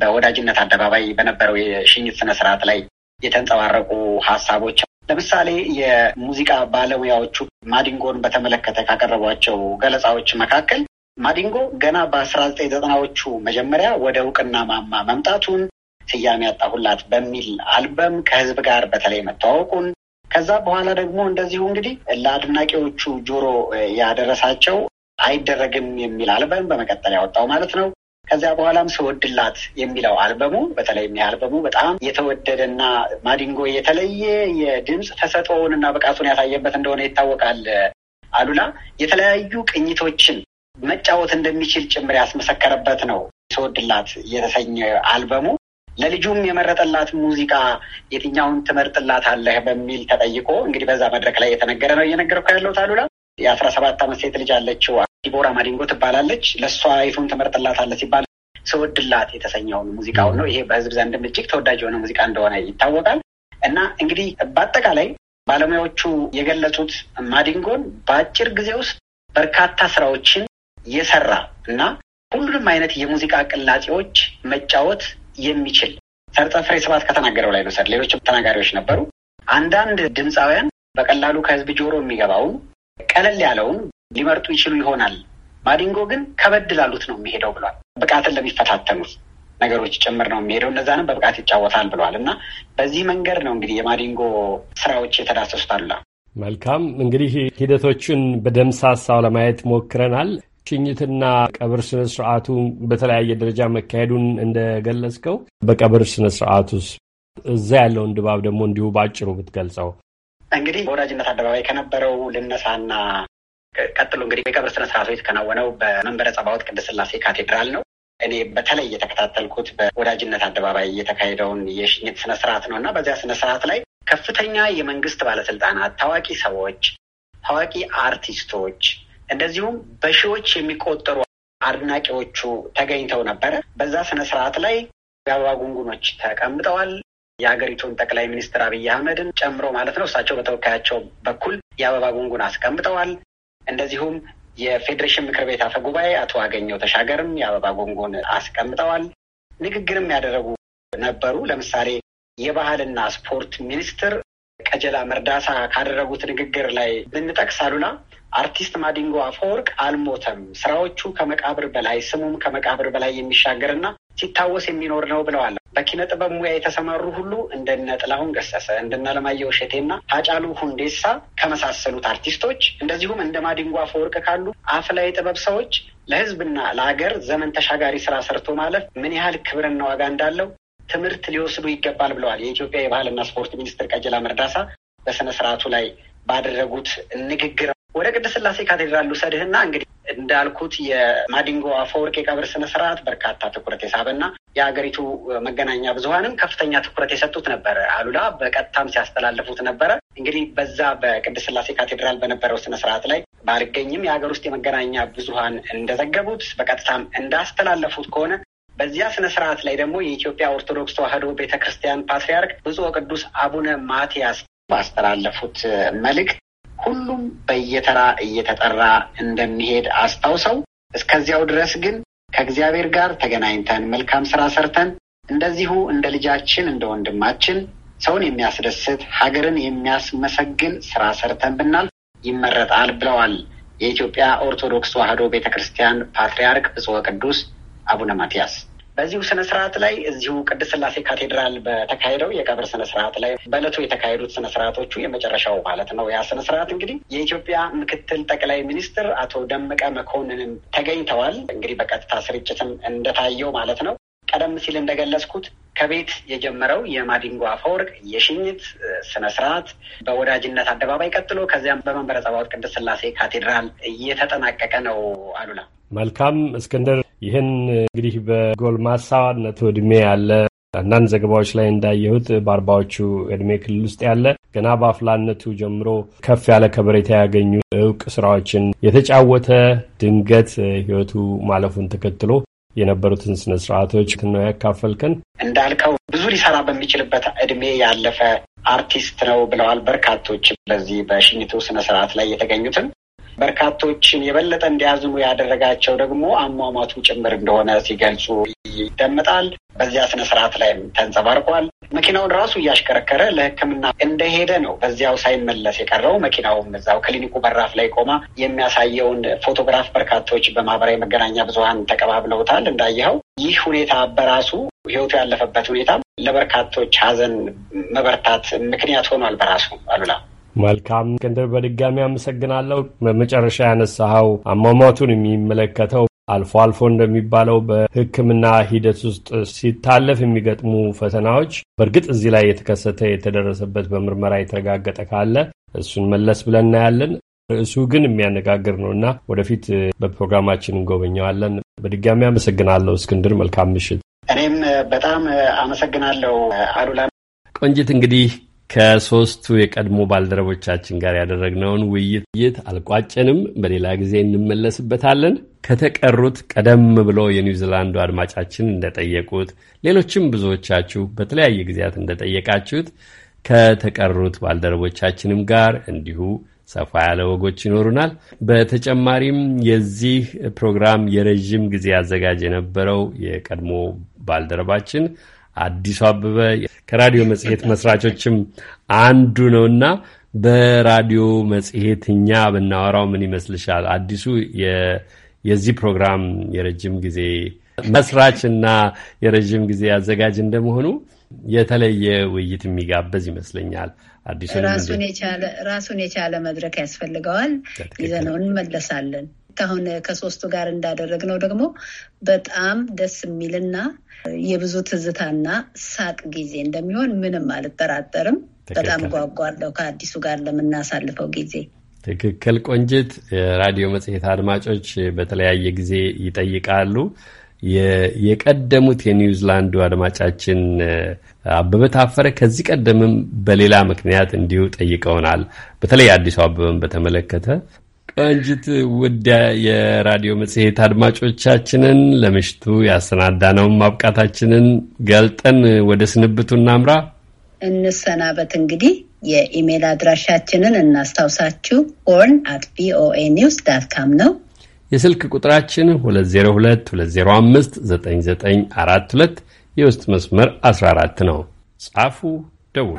በወዳጅነት አደባባይ በነበረው የሽኝት ስነስርዓት ላይ የተንጸባረቁ ሀሳቦች ለምሳሌ የሙዚቃ ባለሙያዎቹ ማዲንጎን በተመለከተ ካቀረቧቸው ገለጻዎች መካከል ማዲንጎ ገና በአስራ ዘጠኝ ዘጠናዎቹ መጀመሪያ ወደ እውቅና ማማ መምጣቱን ስያሜ ያጣሁላት በሚል አልበም ከህዝብ ጋር በተለይ መተዋወቁን ከዛ በኋላ ደግሞ እንደዚሁ እንግዲህ ለአድናቂዎቹ ጆሮ ያደረሳቸው አይደረግም የሚል አልበም በመቀጠል ያወጣው ማለት ነው። ከዚያ በኋላም ሰወድላት የሚለው አልበሙ በተለይም አልበሙ በጣም የተወደደና ማዲንጎ የተለየ የድምፅ ተሰጥኦውን እና ብቃቱን ያሳየበት እንደሆነ ይታወቃል። አሉላ የተለያዩ ቅኝቶችን መጫወት እንደሚችል ጭምር ያስመሰከረበት ነው። ሰወድላት የተሰኘ አልበሙ ለልጁም የመረጠላት ሙዚቃ የትኛውን ትመርጥላት አለህ በሚል ተጠይቆ እንግዲህ በዛ መድረክ ላይ የተነገረ ነው እየነገርኩ ያለሁት አሉላ የአስራ ሰባት አመት ሴት ልጅ አለችው። ዲቦራ ማዲንጎ ትባላለች። ለእሷ አይፎን ተመርጥላታለ ሲባል ስወድላት የተሰኘውን ሙዚቃውን ነው። ይሄ በህዝብ ዘንድም እጅግ ተወዳጅ የሆነ ሙዚቃ እንደሆነ ይታወቃል። እና እንግዲህ በአጠቃላይ ባለሙያዎቹ የገለጹት ማዲንጎን በአጭር ጊዜ ውስጥ በርካታ ስራዎችን የሰራ እና ሁሉንም አይነት የሙዚቃ ቅላጼዎች መጫወት የሚችል ሰርጸ ፍሬ ስብሐት ከተናገረው ላይ ነው ሰር ሌሎችም ተናጋሪዎች ነበሩ። አንዳንድ ድምፃውያን በቀላሉ ከህዝብ ጆሮ የሚገባውን ቀለል ያለውን ሊመርጡ ይችሉ ይሆናል። ማዲንጎ ግን ከበድ ላሉት ነው የሚሄደው ብሏል። ብቃትን ለሚፈታተኑት ነገሮች ጭምር ነው የሚሄደው። እነዛንም በብቃት ይጫወታል ብሏል እና በዚህ መንገድ ነው እንግዲህ የማዲንጎ ስራዎች የተዳሰሱት። አሉላ መልካም እንግዲህ ሂደቶቹን በደምሳሳው ለማየት ሞክረናል። ሽኝትና ቀብር ስነ ስርዓቱ በተለያየ ደረጃ መካሄዱን እንደገለጽከው በቀብር ስነ ስርዓቱስ እዛ ያለውን ድባብ ደግሞ እንዲሁ በአጭሩ ብትገልጸው እንግዲህ በወዳጅነት አደባባይ ከነበረው ልነሳና ቀጥሎ እንግዲህ የቀብር ስነስርዓቱ የተከናወነው በመንበረ ጸባወት ቅድስት ስላሴ ካቴድራል ነው። እኔ በተለይ የተከታተልኩት በወዳጅነት አደባባይ የተካሄደውን የሽኝት ስነስርዓት ነው እና በዚያ ስነስርዓት ላይ ከፍተኛ የመንግስት ባለስልጣናት፣ ታዋቂ ሰዎች፣ ታዋቂ አርቲስቶች እንደዚሁም በሺዎች የሚቆጠሩ አድናቂዎቹ ተገኝተው ነበረ። በዛ ስነስርዓት ላይ የአበባ ጉንጉኖች ተቀምጠዋል። የሀገሪቱን ጠቅላይ ሚኒስትር አብይ አህመድን ጨምሮ ማለት ነው። እሳቸው በተወካያቸው በኩል የአበባ ጉንጉን አስቀምጠዋል። እንደዚሁም የፌዴሬሽን ምክር ቤት አፈ ጉባኤ አቶ አገኘው ተሻገርም የአበባ ጉንጉን አስቀምጠዋል። ንግግርም ያደረጉ ነበሩ። ለምሳሌ የባህልና ስፖርት ሚኒስትር ቀጀላ መርዳሳ ካደረጉት ንግግር ላይ ብንጠቅስ አሉላ አርቲስት ማዲንጎ አፈወርቅ አልሞተም፣ ስራዎቹ ከመቃብር በላይ ስሙም ከመቃብር በላይ የሚሻገርና ሲታወስ የሚኖር ነው ብለዋል። በኪነ ጥበብ ሙያ የተሰማሩ ሁሉ እንደነ ጥላሁን ገሰሰ እንደነ አለማየሁ እሸቴና ሃጫሉ ሁንዴሳ ከመሳሰሉት አርቲስቶች እንደዚሁም እንደ ማዲንጎ አፈወርቅ ካሉ አፍ ላይ ጥበብ ሰዎች ለህዝብና ለሀገር ዘመን ተሻጋሪ ስራ ሰርቶ ማለፍ ምን ያህል ክብርና ዋጋ እንዳለው ትምህርት ሊወስዱ ይገባል ብለዋል። የኢትዮጵያ የባህልና ስፖርት ሚኒስትር ቀጀላ መርዳሳ በስነ ስርዓቱ ላይ ባደረጉት ንግግር ወደ ቅድስት ስላሴ ካቴድራል ውሰድህና እንግዲህ እንዳልኩት የማዲንጎ አፈወርቅ የቀብር ስነስርዓት በርካታ ትኩረት የሳበና የሀገሪቱ መገናኛ ብዙሀንም ከፍተኛ ትኩረት የሰጡት ነበረ። አሉላ በቀጥታም ሲያስተላልፉት ነበረ። እንግዲህ በዛ በቅድስት ስላሴ ካቴድራል በነበረው ስነስርዓት ላይ ባልገኝም የሀገር ውስጥ የመገናኛ ብዙሀን እንደዘገቡት በቀጥታም እንዳስተላለፉት ከሆነ በዚያ ስነ ስርዓት ላይ ደግሞ የኢትዮጵያ ኦርቶዶክስ ተዋህዶ ቤተክርስቲያን ፓትሪያርክ ፓትርያርክ ብፁዕ ቅዱስ አቡነ ማትያስ ባስተላለፉት መልእክት ሁሉም በየተራ እየተጠራ እንደሚሄድ አስታውሰው እስከዚያው ድረስ ግን ከእግዚአብሔር ጋር ተገናኝተን መልካም ስራ ሰርተን እንደዚሁ እንደ ልጃችን እንደ ወንድማችን ሰውን የሚያስደስት ሀገርን የሚያስመሰግን ስራ ሰርተን ብናልፍ ይመረጣል ብለዋል። የኢትዮጵያ ኦርቶዶክስ ተዋሕዶ ቤተ ክርስቲያን ፓትርያርክ ብፁዕ ቅዱስ አቡነ ማትያስ በዚሁ ስነስርዓት ላይ እዚሁ ቅድስት ስላሴ ካቴድራል በተካሄደው የቀብር ስነስርዓት ላይ በእለቱ የተካሄዱት ስነስርዓቶቹ የመጨረሻው ማለት ነው። ያ ስነስርዓት እንግዲህ የኢትዮጵያ ምክትል ጠቅላይ ሚኒስትር አቶ ደመቀ መኮንንን ተገኝተዋል። እንግዲህ በቀጥታ ስርጭትም እንደታየው ማለት ነው። ቀደም ሲል እንደገለጽኩት ከቤት የጀመረው የማዲንጎ አፈወርቅ የሽኝት ስነስርዓት በወዳጅነት አደባባይ ቀጥሎ ከዚያም በመንበረ ጸባዖት ቅድስት ስላሴ ካቴድራል እየተጠናቀቀ ነው። አሉላ መልካም እስክንድር ይህን እንግዲህ በጎልማሳነት እድሜ ያለ አንዳንድ ዘገባዎች ላይ እንዳየሁት በአርባዎቹ እድሜ ክልል ውስጥ ያለ ገና በአፍላነቱ ጀምሮ ከፍ ያለ ከበሬታ ያገኙ እውቅ ስራዎችን የተጫወተ ድንገት ህይወቱ ማለፉን ተከትሎ የነበሩትን ስነ ስርዓቶች ነው ያካፈልክን። እንዳልከው ብዙ ሊሰራ በሚችልበት እድሜ ያለፈ አርቲስት ነው ብለዋል በርካቶች በዚህ በሽኝቱ ስነ ስርዓት ላይ የተገኙትም በርካቶችን የበለጠ እንዲያዝኑ ያደረጋቸው ደግሞ አሟሟቱ ጭምር እንደሆነ ሲገልጹ ይደመጣል። በዚያ ስነ ስርዓት ላይም ተንጸባርቋል። መኪናውን ራሱ እያሽከረከረ ለሕክምና እንደሄደ ነው በዚያው ሳይመለስ የቀረው። መኪናውም እዛው ክሊኒኩ በራፍ ላይ ቆማ የሚያሳየውን ፎቶግራፍ በርካቶች በማህበራዊ መገናኛ ብዙሀን ተቀባብለውታል። እንዳየኸው ይህ ሁኔታ በራሱ ህይወቱ ያለፈበት ሁኔታ ለበርካቶች ሀዘን መበርታት ምክንያት ሆኗል በራሱ አሉላ መልካም እስክንድር፣ በድጋሚ አመሰግናለሁ። በመጨረሻ ያነሳኸው አሟሟቱን የሚመለከተው አልፎ አልፎ እንደሚባለው በሕክምና ሂደት ውስጥ ሲታለፍ የሚገጥሙ ፈተናዎች፣ በእርግጥ እዚህ ላይ የተከሰተ የተደረሰበት በምርመራ የተረጋገጠ ካለ እሱን መለስ ብለን እናያለን። ርዕሱ ግን የሚያነጋግር ነው እና ወደፊት በፕሮግራማችን እንጎበኘዋለን። በድጋሚ አመሰግናለሁ እስክንድር፣ መልካም ምሽት። እኔም በጣም አመሰግናለሁ አሉላ ቆንጅት እንግዲህ ከሶስቱ የቀድሞ ባልደረቦቻችን ጋር ያደረግነውን ውይይት አልቋጨንም። በሌላ ጊዜ እንመለስበታለን። ከተቀሩት ቀደም ብሎ የኒውዚላንዱ አድማጫችን እንደጠየቁት፣ ሌሎችም ብዙዎቻችሁ በተለያየ ጊዜያት እንደጠየቃችሁት ከተቀሩት ባልደረቦቻችንም ጋር እንዲሁ ሰፋ ያለ ወጎች ይኖሩናል። በተጨማሪም የዚህ ፕሮግራም የረዥም ጊዜ አዘጋጅ የነበረው የቀድሞ ባልደረባችን አዲሱ አበበ ከራዲዮ መጽሔት መስራቾችም አንዱ ነውና በራዲዮ መጽሔት እኛ ብናወራው ምን ይመስልሻል? አዲሱ የዚህ ፕሮግራም የረጅም ጊዜ መስራች እና የረዥም ጊዜ አዘጋጅ እንደመሆኑ የተለየ ውይይት የሚጋበዝ ይመስለኛል። ራሱን የቻለ መድረክ ያስፈልገዋል። ይዘነው እንመለሳለን። ከአሁን ከሶስቱ ጋር እንዳደረግነው ደግሞ በጣም ደስ የሚልና የብዙ ትዝታና ሳቅ ጊዜ እንደሚሆን ምንም አልጠራጠርም። በጣም ጓጓለሁ ከአዲሱ ጋር ለምናሳልፈው ጊዜ። ትክክል ቆንጅት። የራዲዮ መጽሔት አድማጮች በተለያየ ጊዜ ይጠይቃሉ። የቀደሙት የኒውዚላንዱ አድማጫችን አበበ ታፈረ ከዚህ ቀደምም በሌላ ምክንያት እንዲሁ ጠይቀውናል። በተለይ አዲሱ አበበን በተመለከተ እንጅት ውድ የራዲዮ መጽሔት አድማጮቻችንን ለምሽቱ ያሰናዳነውን ማብቃታችንን ገልጠን ወደ ስንብቱ እናምራ። እንሰናበት እንግዲህ የኢሜል አድራሻችንን እናስታውሳችሁ። ሆርን አት ቪኦኤ ኒውስ ዳት ካም ነው። የስልክ ቁጥራችን 2022059942 የውስጥ መስመር 14 ነው። ጻፉ፣ ደውሉ።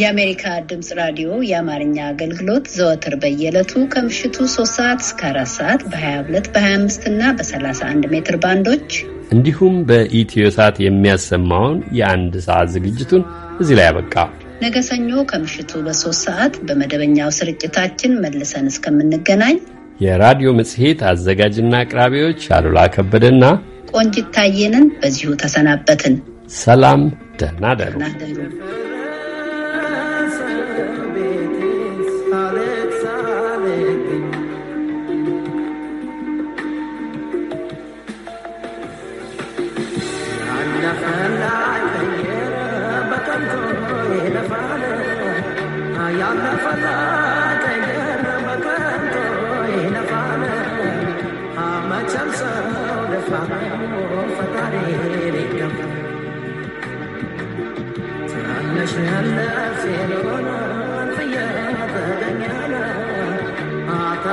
የአሜሪካ ድምፅ ራዲዮ የአማርኛ አገልግሎት ዘወትር በየዕለቱ ከምሽቱ 3 ሰዓት እስከ 4 ሰዓት በ22 በ25 እና በ31 ሜትር ባንዶች እንዲሁም በኢትዮ ሳት የሚያሰማውን የአንድ ሰዓት ዝግጅቱን እዚህ ላይ ያበቃ። ነገ ሰኞ ከምሽቱ በሶስት ሰዓት በመደበኛው ስርጭታችን መልሰን እስከምንገናኝ የራዲዮ መጽሔት አዘጋጅና አቅራቢዎች አሉላ ከበደና ቆንጂት ታየንን በዚሁ ተሰናበትን። ሰላም፣ ደህና ደሩ።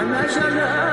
Ana jalan.